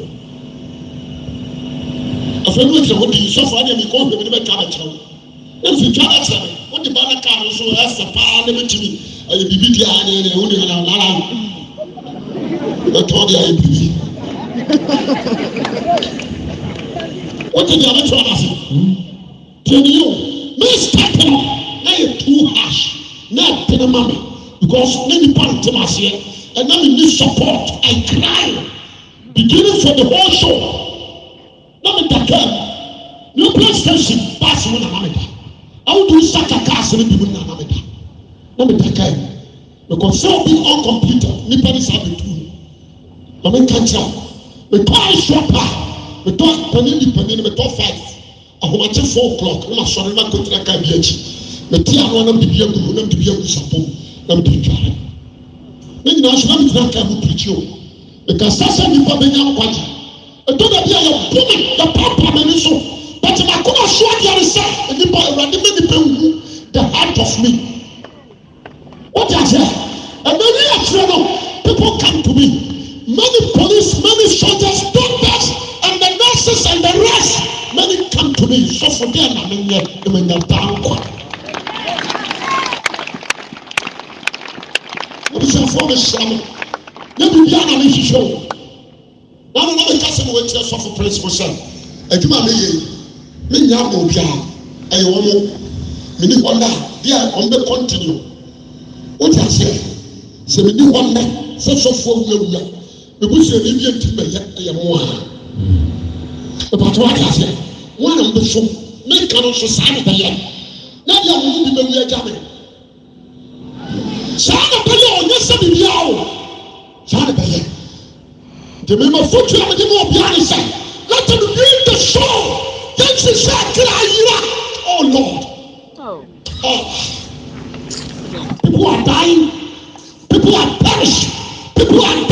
afei mi kyerɛ o di sɔfo adi mi kɔn pɛmɛ ne bɛ kaa bɛkyerɛ o ne nfi twa ɛkyerɛ mi o di ba na kaa no so ɛsɛ paa ne bɛ timi ɛyɛ bibi di a ne yɛ o de yɛ lala yi ɛtɔ de ayɛ bibi o ti di a bɛ tɔ To you, ní sítẹ́pù nọ náà yɛ too harsh náà tẹ̀lé ma mi because ní nípa ní tẹ̀lé aseɛ ɛnna mi ní support I cry beginning for the whole show náà mi dàgbẹ́ ní play station paasi mi nàá mi dà awudu saka kaasi mi bimu nàá mi dà náà mi dàgbẹ́ because sẹ́wọ́n bí uncomputed nípa ní sábà tu mami kankyere mekɔ ahyia pa metɔ panin ni panin ni metɔ five ahomakye four o'clock na asɔre na akɔtuna kaa bi akyi mɛti ano na bibi agu na bibi agu sapɔ na mɛdi dware ne nyinaa so na mɛdi na kaa mu pirikyi o mɛka sasa nipa bɛ nya nkwagye ɛtɔ na bi a yɛ bɔmi yɛ paapaa mɛ ni so pati ma kɔma so adi a nisa nipa awurade mɛ nipa ewu the heart of me wɔte ase ɛmɛ ni akyerɛ no people come to me many police. me nsɔfo deɛ na menyɛ na menya daa nkwa abusuafoɔ mehyira me na biribia na mehwehwɛ wo wọn nana mi kasa na wɔakyerɛ sɔfo principal sɛ adwuma mi yɛ menya ama obiara ɛyɛ wɔn mi ni wɔn na bia wɔn bɛ continue o ti ase sɛ mi ni wɔn na sɛ sɔfo awuawua ebusuani bi eti bɛyɛ ɛyɛ mu a ìpàtó àti ase woyɛ mbofo ne nka no nso saa ne bɛyɛ na deɛ wɔn bi bɛwu agya me saa na bɛyɛ ɔnyɛ sɛ biribi awo saa na bɛyɛ tèmímafo tí a mẹjẹ mọ ọbi a nìsẹ lẹtọ ní bí ndé sọ yẹn ti sẹ kíra yíra oh lord oh. oh people are dying people are perishing people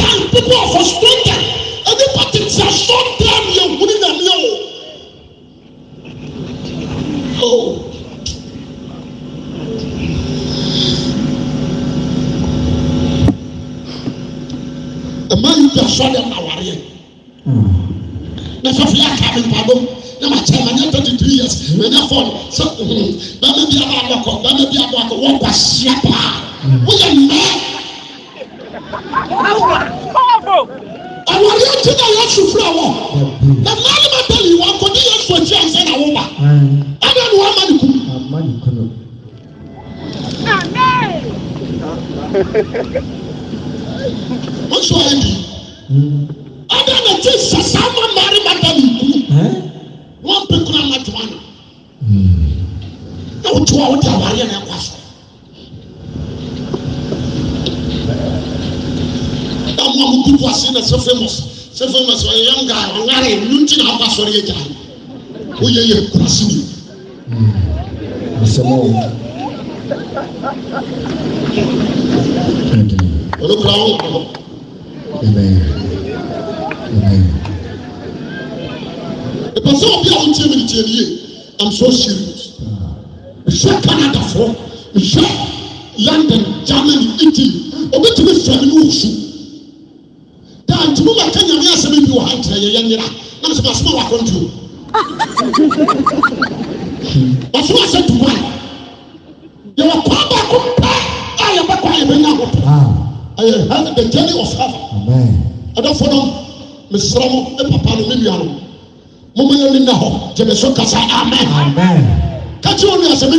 mesrɛ mo ne papa no me nua no moma yɛ ni na hɔ gye kasa amen ka kyerɛ onua sɛ me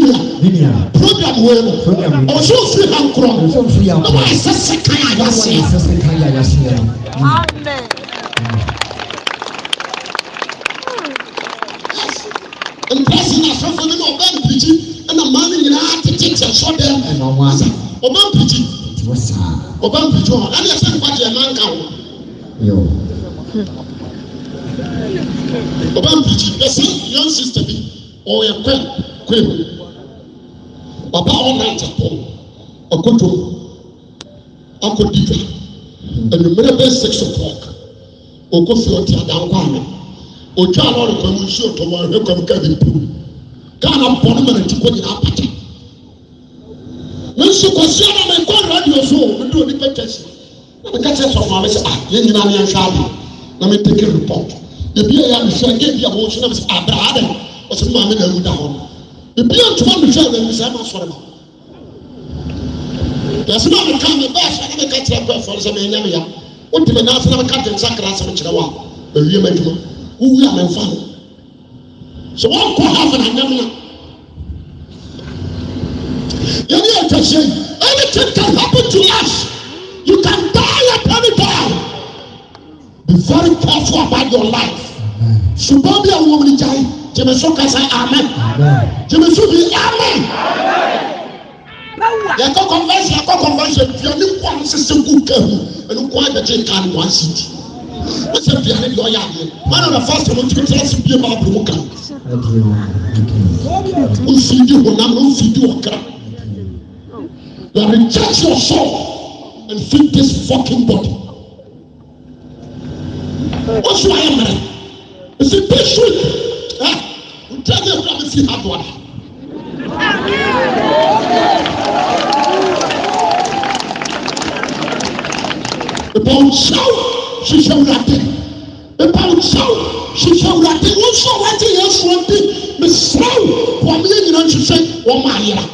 program wei no ɔwɔ sɛ ɔfiri ha nkorɔ na waɛsɛ sɛ kan a yɛaseɛ amen mpɛsi na asɔfo ne na ɔbɛ mpirikyi ɛna mmaa ne nyinaa tete te ɛsɔ dɛm asa ɔbɛ mpirikyi ɔbɛ mpirikyi hɔ ɛna ɛsɛ nkwa deɛ nanka ho ọba mpikyi esi yan sista bi ɔyɛ kɔɛ kɔɛ ɔba ɔnan japo ɔkoto akɔdiga enumere bɛ six o'clock oko fi ɔti adanko ano otwa alɔri kwan mu nsuo tɔmɔ ahwɛ kwan mu kaa bi mpu ghana mpɔ no mɛ nti kɔ nyinaa pata nso si ama mɛ nkɔ radio so o mi do nipa kyɛ si na mi ka kyɛ sɔrɔ maame sɛ ah yɛn nyinaa ni yɛn hwɛ adi na mi take a report ebi a yà mi fẹ gé bi a wọ́n sọ na mi sọ abẹ abẹ ọsẹ mi maame na ewu da hɔ ebi a ntoma mi fẹ wẹmi sẹ ẹ ma sọrọ ma yasi maa mi ka mi bẹẹ fẹ ẹ mi ka kyerẹ bẹẹ fọ sẹ mi ẹnyẹ mi ya o ti mi n'asẹ na mi ka jẹ nsa kira asẹ mi kyerẹ wa ewie mi adwuma wuwu a mi nfa mi sọ wọn kọ ha fẹ na ẹnyẹ mi na yẹn ni ẹ tẹ ṣe ẹni can happen to us you can die. Be very careful about your life. Ṣùgbọ́n bí àwọn ọmọ nìjà yìí, Jẹ̀mẹ̀sọ́ kasa amen. Jẹ̀mẹ̀sọ́ bi amen. Yẹ kọ́ convention yẹ kọ́ convention fìyà ní nkwa ní sísè nkú kẹ́hù ẹni nkwa ẹ̀dẹ̀kẹ́ nkà ní wàá sí di. Wọ́n sẹ́ fìyà ní ìlú ọ̀yà yẹn. Wọ́n nana fásitì ọ̀nà tí wọ́n ti bíyẹn máa bọ̀ ká. Ó sì di hùnàm, ó sì di ọ̀kà. You are reject your soul and fit this fucking body osu ayɛ mmerɛ esi bi su ɛ nta bi ekura mi fi ha do a. Ebonsaw hyehyɛ wulade ebonsaw hyehyɛ wulade wosɔ wagye yɛ soɔ bi mesraw wɔn yɛ nyinaa nhyehyɛ wɔn ayera.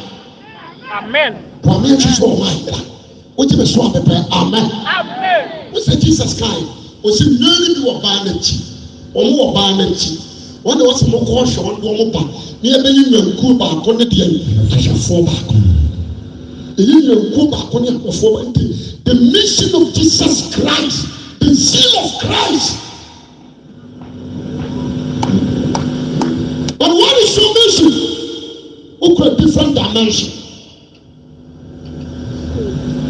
Amen. Wɔn yɛ nhyehyɛ wɔn ayera. Wogye mesraw bɛbɛ amen. Amen. Wosɛ Jesus Christ osi mmeri bi wɔ baa n'akyi wɔn wɔ baa n'akyi wɔn na wɔsi mo kɔɔ hwɛ wɔn de wɔn ba ne yɛ bɛyi nyankuo baako ne deɛ ahwɛfoɔ baako eyi nyankuo baako ne ahwɛfoɔ baako nti the mission of jesus christ the seal of christ. But what is your mission? Who could different dimension?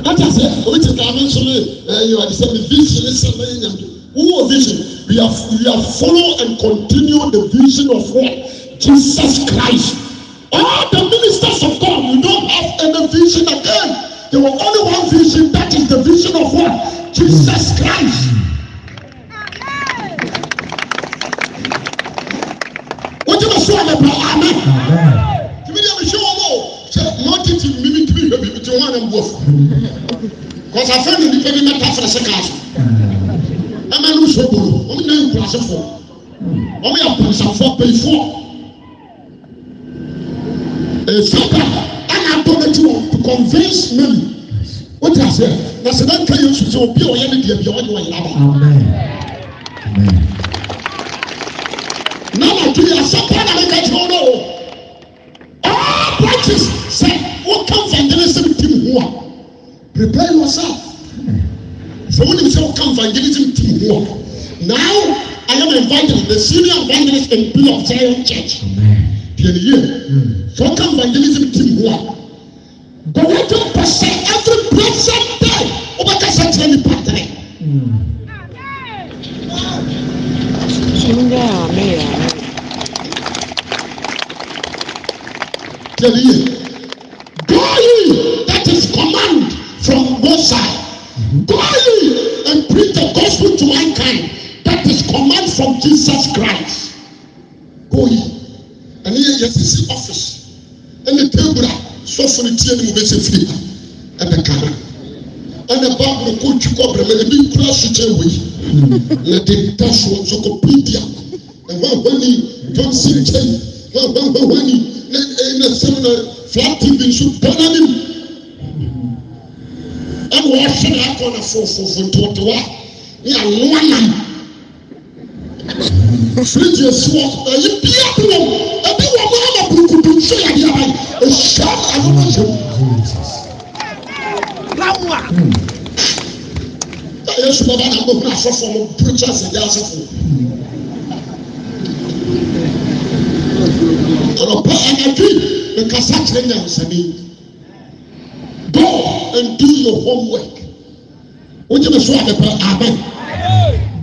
wọ́n ti sẹ́ omi ti kàánú nso ní ẹ̀yẹ ọ̀dẹ sẹ́ mi vision ní sẹ́ lẹ́yìn yàtọ̀ wọ́n wọ vision we are we are follow and continue the vision of what Jesus Christ all the ministers of God we don't have any vision again there were only one vision that is the vision of what Jesus Christ. wọ́n ti bá sọ ọ̀nà bọ̀ amẹ́ ebi ti wọn anam wọ kọsa fẹmi nipa bi mẹ́ta fẹrẹ sẹ kaa so ẹmẹ ní nsọ bolo wọn nyinaa yẹ kurasi fọ wọn yẹ kurasafọ pẹyifọ efapa ẹna atọ n'ekyi wọn to convince me. o ti ase na sẹ n'aka yẹn nso sẹ obi a ọyẹ ne diẹ bi ọwọ ni wọn yẹ n'aba. Amen. Amen. prepare yourself sɛ wonim sɛ woka evangelism team mu now i am invited the senior evangelist in bill of zion church deɛ ne yie sɛ evangelism team mu a the water person every blessed day wobɛka sɛ kyerɛ Amen. tene deɛ ne yie from both sides. Mm-hmm. Go ye and preach the gospel to mankind. That is command from Jesus Christ. Go ye. And here yes, it's the office. And the table so for the tear mu bɛsɛ fie ɛbɛ kara ɛna ba mu ko twi kɔ brɛ mɛ ebi nkura sokyɛ wɔ yi na de da so encyclopedia ɛhɔn hɔni johnson kyɛn hɔn hɔn when na ɛna a seminar flat tv nso turn on him wɔn so na akɔ na fofofo ntotowa ne awoa nam firiji esi wɔ ɛyi bia bi wɔ ebi wɔ mu ama burukutu nso yɛ adi aba yi ehyia ano na so. lawa. ɛ yɛ suma ba na mo na afɔfo mo pirikyi asɛ di asɔfo. ɔlɔpɛ anadwi nkasa kyerɛ nyansani. Go and do your homework. Wọ́n yẹ mi sọ àbẹ̀pẹ̀ abẹ́.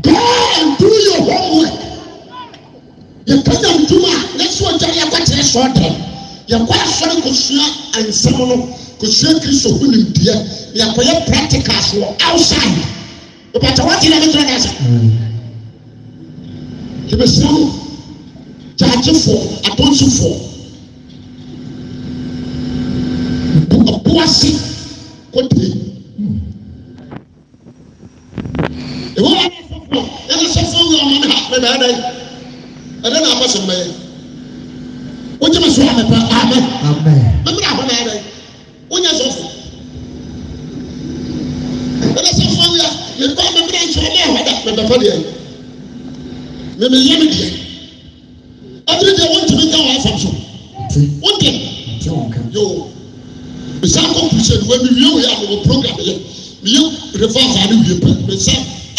Go and do your homework. Yẹ kọ́ yà ntoma a yẹ sọ ọjà yẹ kọ́ kyerẹ́ sọ ọdẹ. Yẹ kọ́ asọ́rọ̀ kò sua nsẹ́mu no kò sua kristu kò ní diẹ. Yẹ kọ́ yẹ practicals wọ outside. Ìbàtà wọ́n ti yẹ mi tẹ́lẹ̀ ẹ̀sẹ̀. Yẹ bẹ̀ sẹ́mu jaajifọ̀ atọ́nsifọ̀. ase kò tiri ìwọ wà ní sọfọ ẹni sọfọ wúlò ọmọ mi hà mi nà ẹdá yìí ẹdá nà àbọ̀ sọmọ yẹ wọ́n jẹ́ mi sọ àmì pa amẹ́ mímí nà àbọ̀ nà ẹdá yìí wọ́n yẹ sọfọ ẹni sọfọ wúlò mi kọ́ mi bíra nsọ ọmọ ọ̀hún ẹ̀dá mi bẹ̀ fọ́ mi diẹ ẹbí diẹ wọ́n ti mi ká so wọ́n tẹ̀ mesa kɔmpihyɛ no wami wie wei a wɔwɔ program yɛ meyɛ refafa ne wie pɛ mesa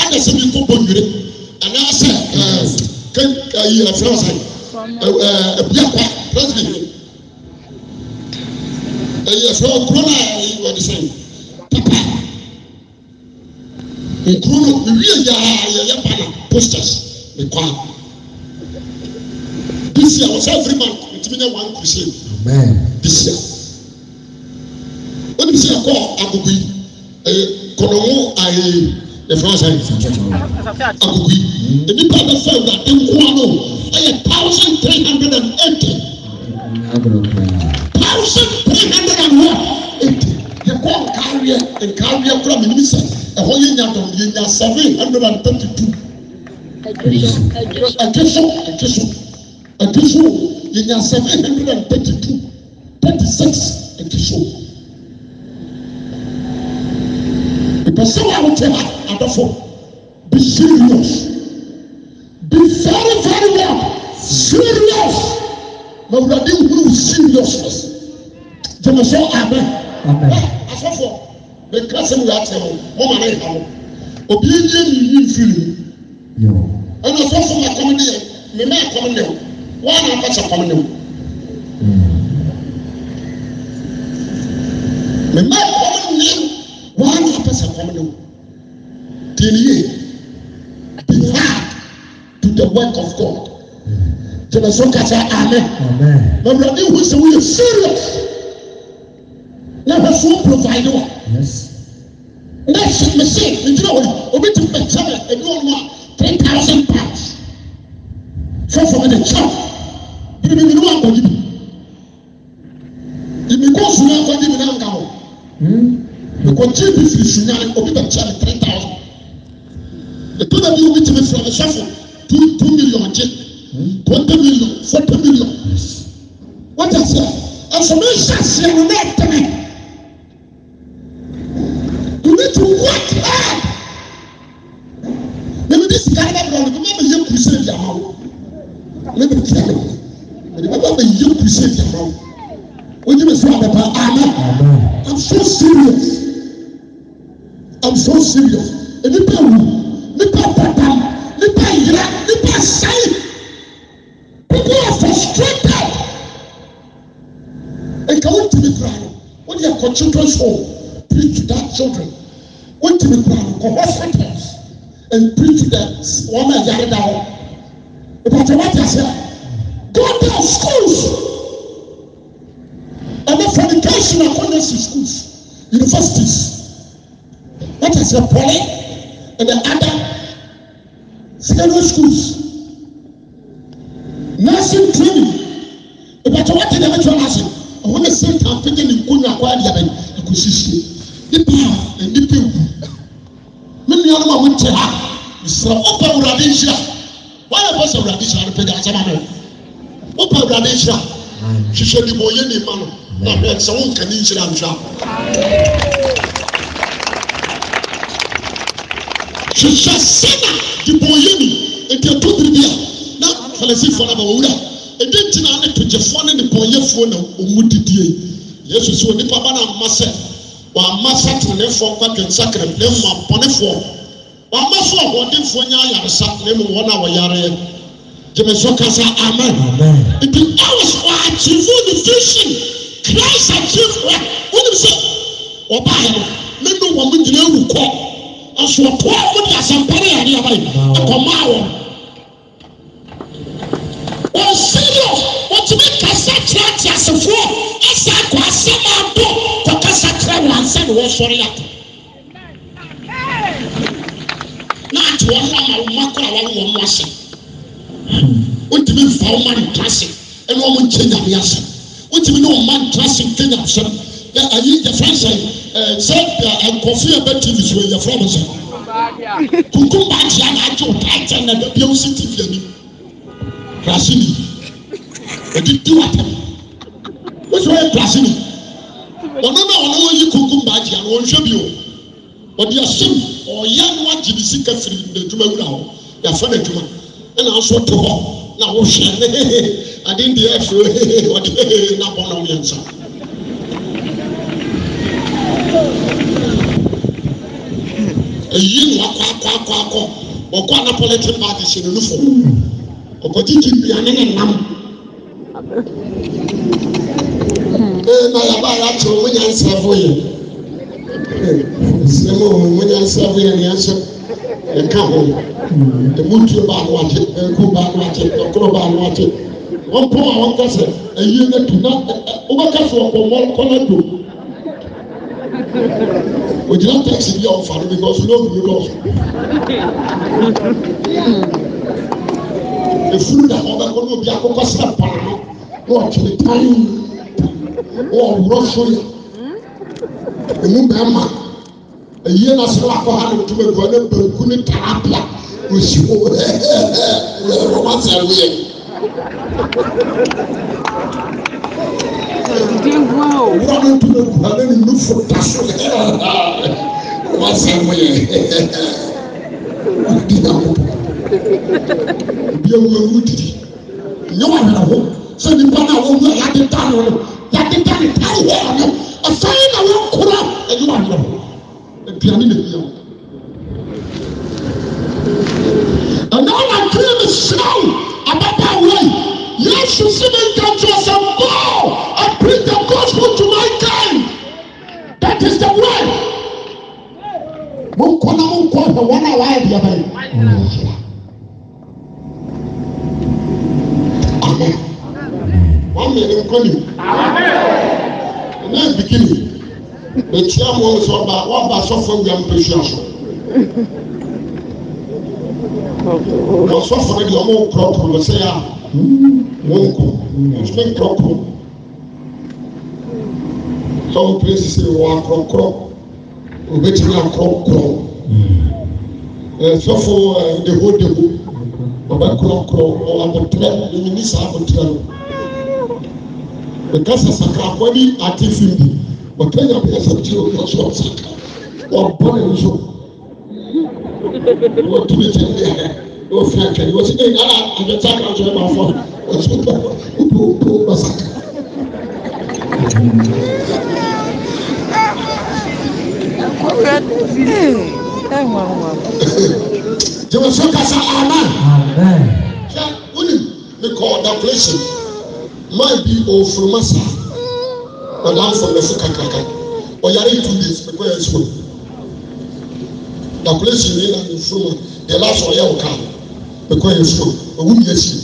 ada sɛ mekɔ bɔ nwere anaasɛ kankayi afrɛ sa abuakwa presbyn ɛyɛ frɛ kuro no a wɔde sɛ papa nkuro no mewie yɛa yɛyɛ pana posters mekɔa bisia wɔsa afiri ma ntimi nyɛ one crusade bisia ebi sɛ ɛkɔ agogo yi thousand three hundred and eighty yɛkɔ kura mi a sɛ ɛhɔ yɛ seven hundred and thirty two a yɛ nya seven hundred and thirty two thirty six mpɛsɛ wa awotɔ a adɔfo be serious be very very well serious na awurade nhuru seriousness gyina sɛ amen Amen. afɔfo mekra sɛ wura kyerɛ wo moma ne yɛha wo obi nye ne yi mfiri mu ɛna afɔfo ma kɔm ne yɛ ne ma kɔm ne wo wɔn a akɔkyɛ kɔm ne wo ne ma wọn wà pẹ sẹ kọm ni o ten year be hard to the work of God jẹnna so kasa amen na wulade hu sẹ wọ́n yẹ serious na wọ́n so provide wa na ṣe mi ṣe ngyina wọn obi ti pẹ kyẹn ẹni wọn a three thousand pounds fọfọ ẹni kyẹn biribi ni wọn akọ yi bi ìmì kóòsù náà kọ yi bi náà nka wọn nkɔgye bi firi sunyane obi bɛ kyɛ ne three thousand etu na bi obi tɛmɛ fira ne sɔfo two two million gye twenty million forty million wɔte sɛ ɛfɔmi nhyɛnseɛ no na ɛtɛmɛ you need to work hard na mi di sika ne bɛ bɔ ne bɛ bɛ yɛ kurusi di ama wo ne bɛ kira ne bɛ bɛ bɛ yɛ kurusi di ama wo o yi mi fura bɛ pa amen i'm so serious. I'm so serious nipa ewu nipa pata nipa yira nipa asai people are frustrated nka wọn ti mi kura no wọn yẹ kọ children's home preach to that children wọn ti mi kura no kọ hospitals and preach to them wọn ma yare da hɔ ìpàtẹ wọn ti ase go down schools ɛmɛ fornication akɔnyɛ si schools universities. What is the poly and the other secondary schools? Nursing training. Ìbàtà wọ́n ti dẹ̀mẹ́tì wọn ase. Àwọn ní sèé kan fẹ́ ní nkónyà kó adi abẹ́ni ẹ̀kọ́ sisi. Nípa nípa ewu. Mí nu yàrá wọn tẹ̀ ha. Ìsirà ọ̀pọ̀ Awurade nhyira. Wọ́n yẹ fẹ́ sẹ́ Awurade nhyira ní pẹ̀lú àti àmàlẹ́. Ọ̀pọ̀ Awurade nhyira. Hyehyẹ́ ni mo yẹ ní ìmánu. Na bẹ́ẹ̀ sẹ́ wọn kàn ní nhyira nhyira. hyehyɛ sɛna dibɔnyɛ ni eti etu biri bi a na falasifoɔ n'aba wɔwura edi ntina ne togyefoɔ ne dibɔnyɛfoɔ na wɔn didie yesu sɛ onipa ba na ama sɛ wama satanafoɔ nkwa kɛnsakere ne mu apɔnefoɔ wama fo ɔhoɔdenfoɔ nyɛ ayaresa ne mu wɔn a wɔyareɛ jẹmẹsọ kasa amen nti ɛwɔs ɔakyivu ne vision christ akyivu ɛ wɔn mu sɛ ɔbaa yɛ no ne no wɔn mu nyinaa ewu kɔ ɔsoɔpoa wode asɛmpa ne yɛne aba yi akɔmaa wɔn ɔsɛyo ɔtumi kasa kyerɛ teasefoɔ ɛsɛ akɔ asɛm adɔ kɔkasa kyerɛ wɔ ansa ne wɔsɔre akɔ na ate wɔn ho ama wo ma kora wɔn wɔn mo asɛm wotumi mfa wo ma ntra se ɛne wɔn nkyɛ nyame asɛm wotumi ne wɔn ma ntra se nka nyame asɛm ayi yɛfra sɛ ɛɛ sɛ nkɔfin yɛ bɛ tv so yɛfra mo sɛ kunkun b'a ti a n'a jɔ k'a jɛ na bɛ biyɛn si tv yɛ ni kilasi ni ɛdi di wa tɛmɛ o sɔrɔ ye kilasi ni ɔno na ɔno yɛ yi kunkun b'a ti a n'o nhwɛ bi o ɔdi ɛsɛm ɔyɛ no agyiri si ka firi n'adwuma wura hɔ yɛfra n'adwuma ɛna nso to hɔ na wohwɛ ade ndi ɛfiri ɔde n'abɔ na wɔyɛ nsa. èyí ni wakɔ akɔ akɔ akɔ ɔkɔ anapɔlɛti baagi hyɛ ne nufo ɔkɔ titi nnuane ne nam hmm. ee na yaba a yàtò wọn yà nsàfo yẹ sẹmu wọn wọn yà nsàfo yẹ nìyẹn nso ẹka hó emu tuo baako ati ẹnku baako ati ẹkọrọ baako ati wọn pọ àwọn kọsẹ ẹyẹ ne tu na ẹ ọbẹ kẹsàn ọkọ mọ kọlẹ do not òjì náà tẹ̀sí bí ọ̀fà ló bí kọ́sí lóògùn ló lọ́ọ̀fà. efuru na ọba kọ́ ní obi akọ́kọ́ sí àpàlọ́ wọ́n kiri táyì wọ́n wúrọ́ sóyè emu bẹ́ẹ̀ma èyí náà sọ́wọ́ akọ́ ha ní tuma ìgbọ́ ní bẹ̀rùkú ní tààbíà òsì wò ẹ̀ẹ́dẹ́gbẹ̀rún wọ́n sẹ́wọ́ yẹn dìde wá o. wọ́n ní tó wà lẹ́nu ìlú fún taso yẹ wọ́n sá mú yẹ wọ́n di náà wọ́n bí ewu ewu didi nyẹ wà nà wọ́n sọ nípa náà wọ́n mú yàtí tá nù yàtí tá nì tá wọ́n nù ẹ̀fọ́ yìí nà wọ́n kúrọ̀ ẹ̀yẹ wà nà wọ́n ẹ̀dùnàmí nà ẹ̀yẹ wọ́n. ɛna ɔna tiri mi sinaw ababaawa yi yesu si mi nkankyerɛ sɛ mbɔɔ preach the gospel to my kind. That is the way. Munkɔ na munkɔ hwɛ wɔn a wɔayɛ deɛ bɛyɛ. Amen. Wɔn mmienu nkɔ ni. Ɛnna bikini. Ekyia mu nso ɔba wɔba asɔfo awia mpɛsia so. Wɔsɔfo no deɛ ɔmo nkorɔkorɔ sɛ ya. Wɔn nko. Nso nkorɔkorɔ tɔn piresi sɛ wɔ akorɔkorɔ obetumi akorɔkorɔ ɛfɛfo ɛɛ deho deho ɔbɛ korɔkorɔ ɔwɔ abotire ɛmi ni saa abotire no ɛka sasaka akɔni ati fi bi ɔka nya bi ɛsɛ kyerɛ ɔka so ɔsaka ɔbɔ ne nso ɔtumi kyerɛ ne yɛrɛ ɔfi akɛyi wɔsi ɛyìn ara akɛtɛ akɛtɛ ɔma fɔ ɔsɔ ɔbɔ ɔbɔ ɔbɔ ɔsaka on, on. Jẹ̀wọ̀sọ kasa amen. Ṣé wúni mi kọ ọ̀dà pẹ̀lẹ́sì máa bi òfurufú sa ọ̀dà afọ̀lẹ́sì kàkàkà ọ̀yàrá two on, mi kọ́ yẹn sùn. Ọ̀dà pẹ̀lẹ́sì yìí náà mi fún mi yẹ lásọ ọ̀yà ọ̀ka mi kọ́ yẹn sùn òwú mi yẹ si.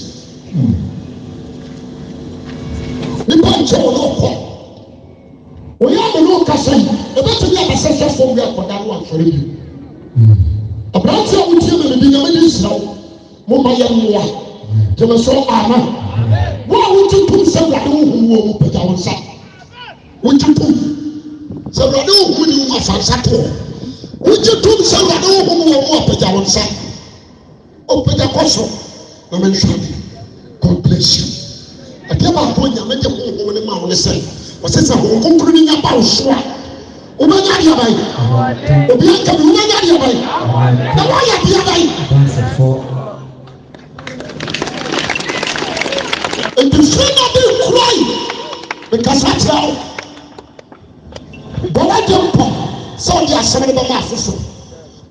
Nípa ìjọba náà kọ̀ oyɛ amolo kasa yi ebɛtumi abasɛsɛ fɔm wi akɔda no afɔre bi aberante a wotie na nabi nyame ne nsira wo moma yɛ mmoa gyeme so ama wo a wogye tom sɛ wurade wohom wɔ mu pagya wo nsa wogye tom sɛ wurade wohom ne wom afansa toɔ wogye tom sɛ wurade wohom wɔ mu apagya wo nsa O kɔ so na menhwɛ ade god bless you adeɛ baako nyame gye honhom ne ma wo ne sɛe wɔsi sɛ wɔn kunkun ni nyaba osu a wɔn anya adi aba yi obi aka mi wɔn anya adi aba yi na wɔn ayɛ adi aba yi. Ntufin na bi kura yi nkasa kyerɛ wo bɔwɔ de mpɔ sɛ ɔde asɛm de bɛma afoforɔ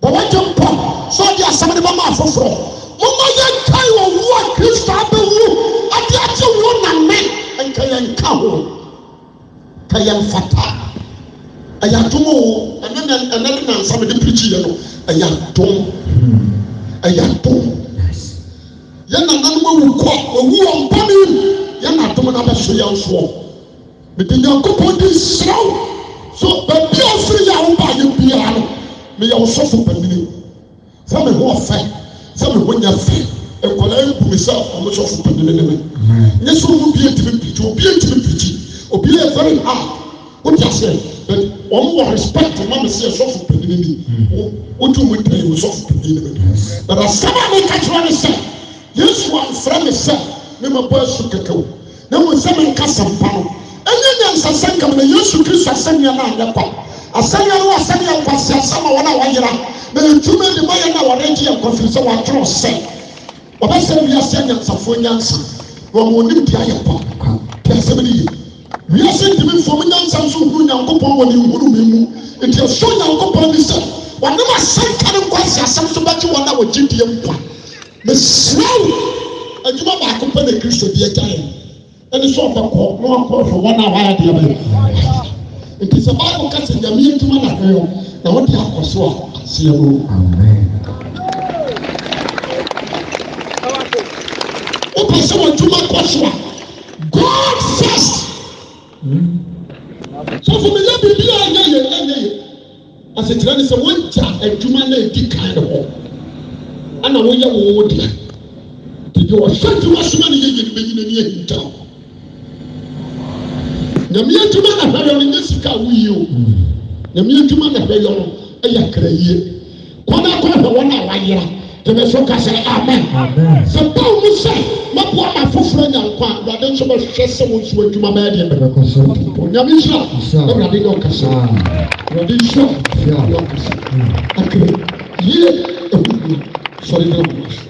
bɔwɔ de mpɔ sɛ ɔde asɛm de bɛma afoforɔ mɔmɔ yɛ nkae wɔ wu a kristu abɛwu ade agye wu na ne nkɛyɛ nka ho ka yɛn fata ɛyɛ atom o ɛnɛ nɛ ɛnɛ ne nansa mi de pirikyi yɛ no ɛyɛ atom ɛyɛ atom yɛn nananom ewu kɔ ewu wɔ mpɔmi yɛn atom na bɛ so yɛn soɔ mede nyankopɔn di nsiraw so baabi a ɔfiri yɛ awo ba yɛ biara no meyɛ ɔsɔfo panini fɛn mi ho ɔfɛ fɛn mi ho nyɛ fɛ nkɔla ebu mi sɛ ɔmo sɔfo panini ne mi nyɛ sɛ ɔmo bie ntumi pirikyi obi ntumi pirikyi obi yɛ very hard o ti ase but wɔn wɔ respect wɔn mi si ɛsɔfo panyin ni o ti mu ta yi o sɔfo panyin ni but asɛm a mi ka kyerɛ ni sɛ yesu anfra mi sɛ ne ma bɔ ɛsu kɛkɛ o ne mo nsɛm nka sɛmpa no ɛnyɛ nyansasɛ nkama na yesu kristo asɛnniya na anyɛ pa asɛnniya no asɛnniya nkwasi asɛm a wɔn a wɔyera na ntoma de ma yɛ na wɔn agye yɛ nkɔfiri sɛ wɔatwerɛ sɛ wɔbɛsɛ wiase nyansafoɔ nyansa wɔn wɔn nim deɛ ayɛ pa deɛ asɛm ni yie wiase ntumi fɔm nyansa nso nkuru nyankopɔn wɔ ne nkurum mu nti esu nyankopɔn bi sɛ wɔne ma sankare nkɔ asi asɛm so bɛgye wɔn a wɔgye die nkwa mesirawo adwuma baako pɛ na kristo deɛ gyae ɛne sɛ ɔbɛkɔ na wakɔrɔfo wɔn a wɔayɛ deɛ bɛyɛ nti sɛ baako kasa nyame adwuma na ɛyɛ na wɔde akɔ so a aseɛ mu wopɛ sɛ wɔadwuma kɔ so a god first sọfọ mi yẹ biribi a ẹnyẹ yẹ ẹnyẹ yẹ asetere ni sẹ wọn gya adwuma náà edi kan ne ho ɛna wɔyɛ wɔn wɔn deɛ tètè wɔhwɛ adwuma soma ne yɛyɛ ne bɛyi n'ani ahi ntam nyame adwuma na hwɛ yɛ no nyɛ sika a woyie o nyame adwuma na hwɛ yɛ no ɛyɛ akra yie kɔn akɔn hwɛ wɔn a wɔayera tɛmɛ so kasa amen sɛ báwo mɛboa ma foforɔ nya nkwa a awurade nso bɛhwehwɛ sɛ wo nso adwuma bɛyɛ deɛ bɛbɛkɔ so onyame nhyira awurade ne ɔkasa awurade nhyira ne ɔkasa akere yie ɛhuhuo sɔre gyina mo so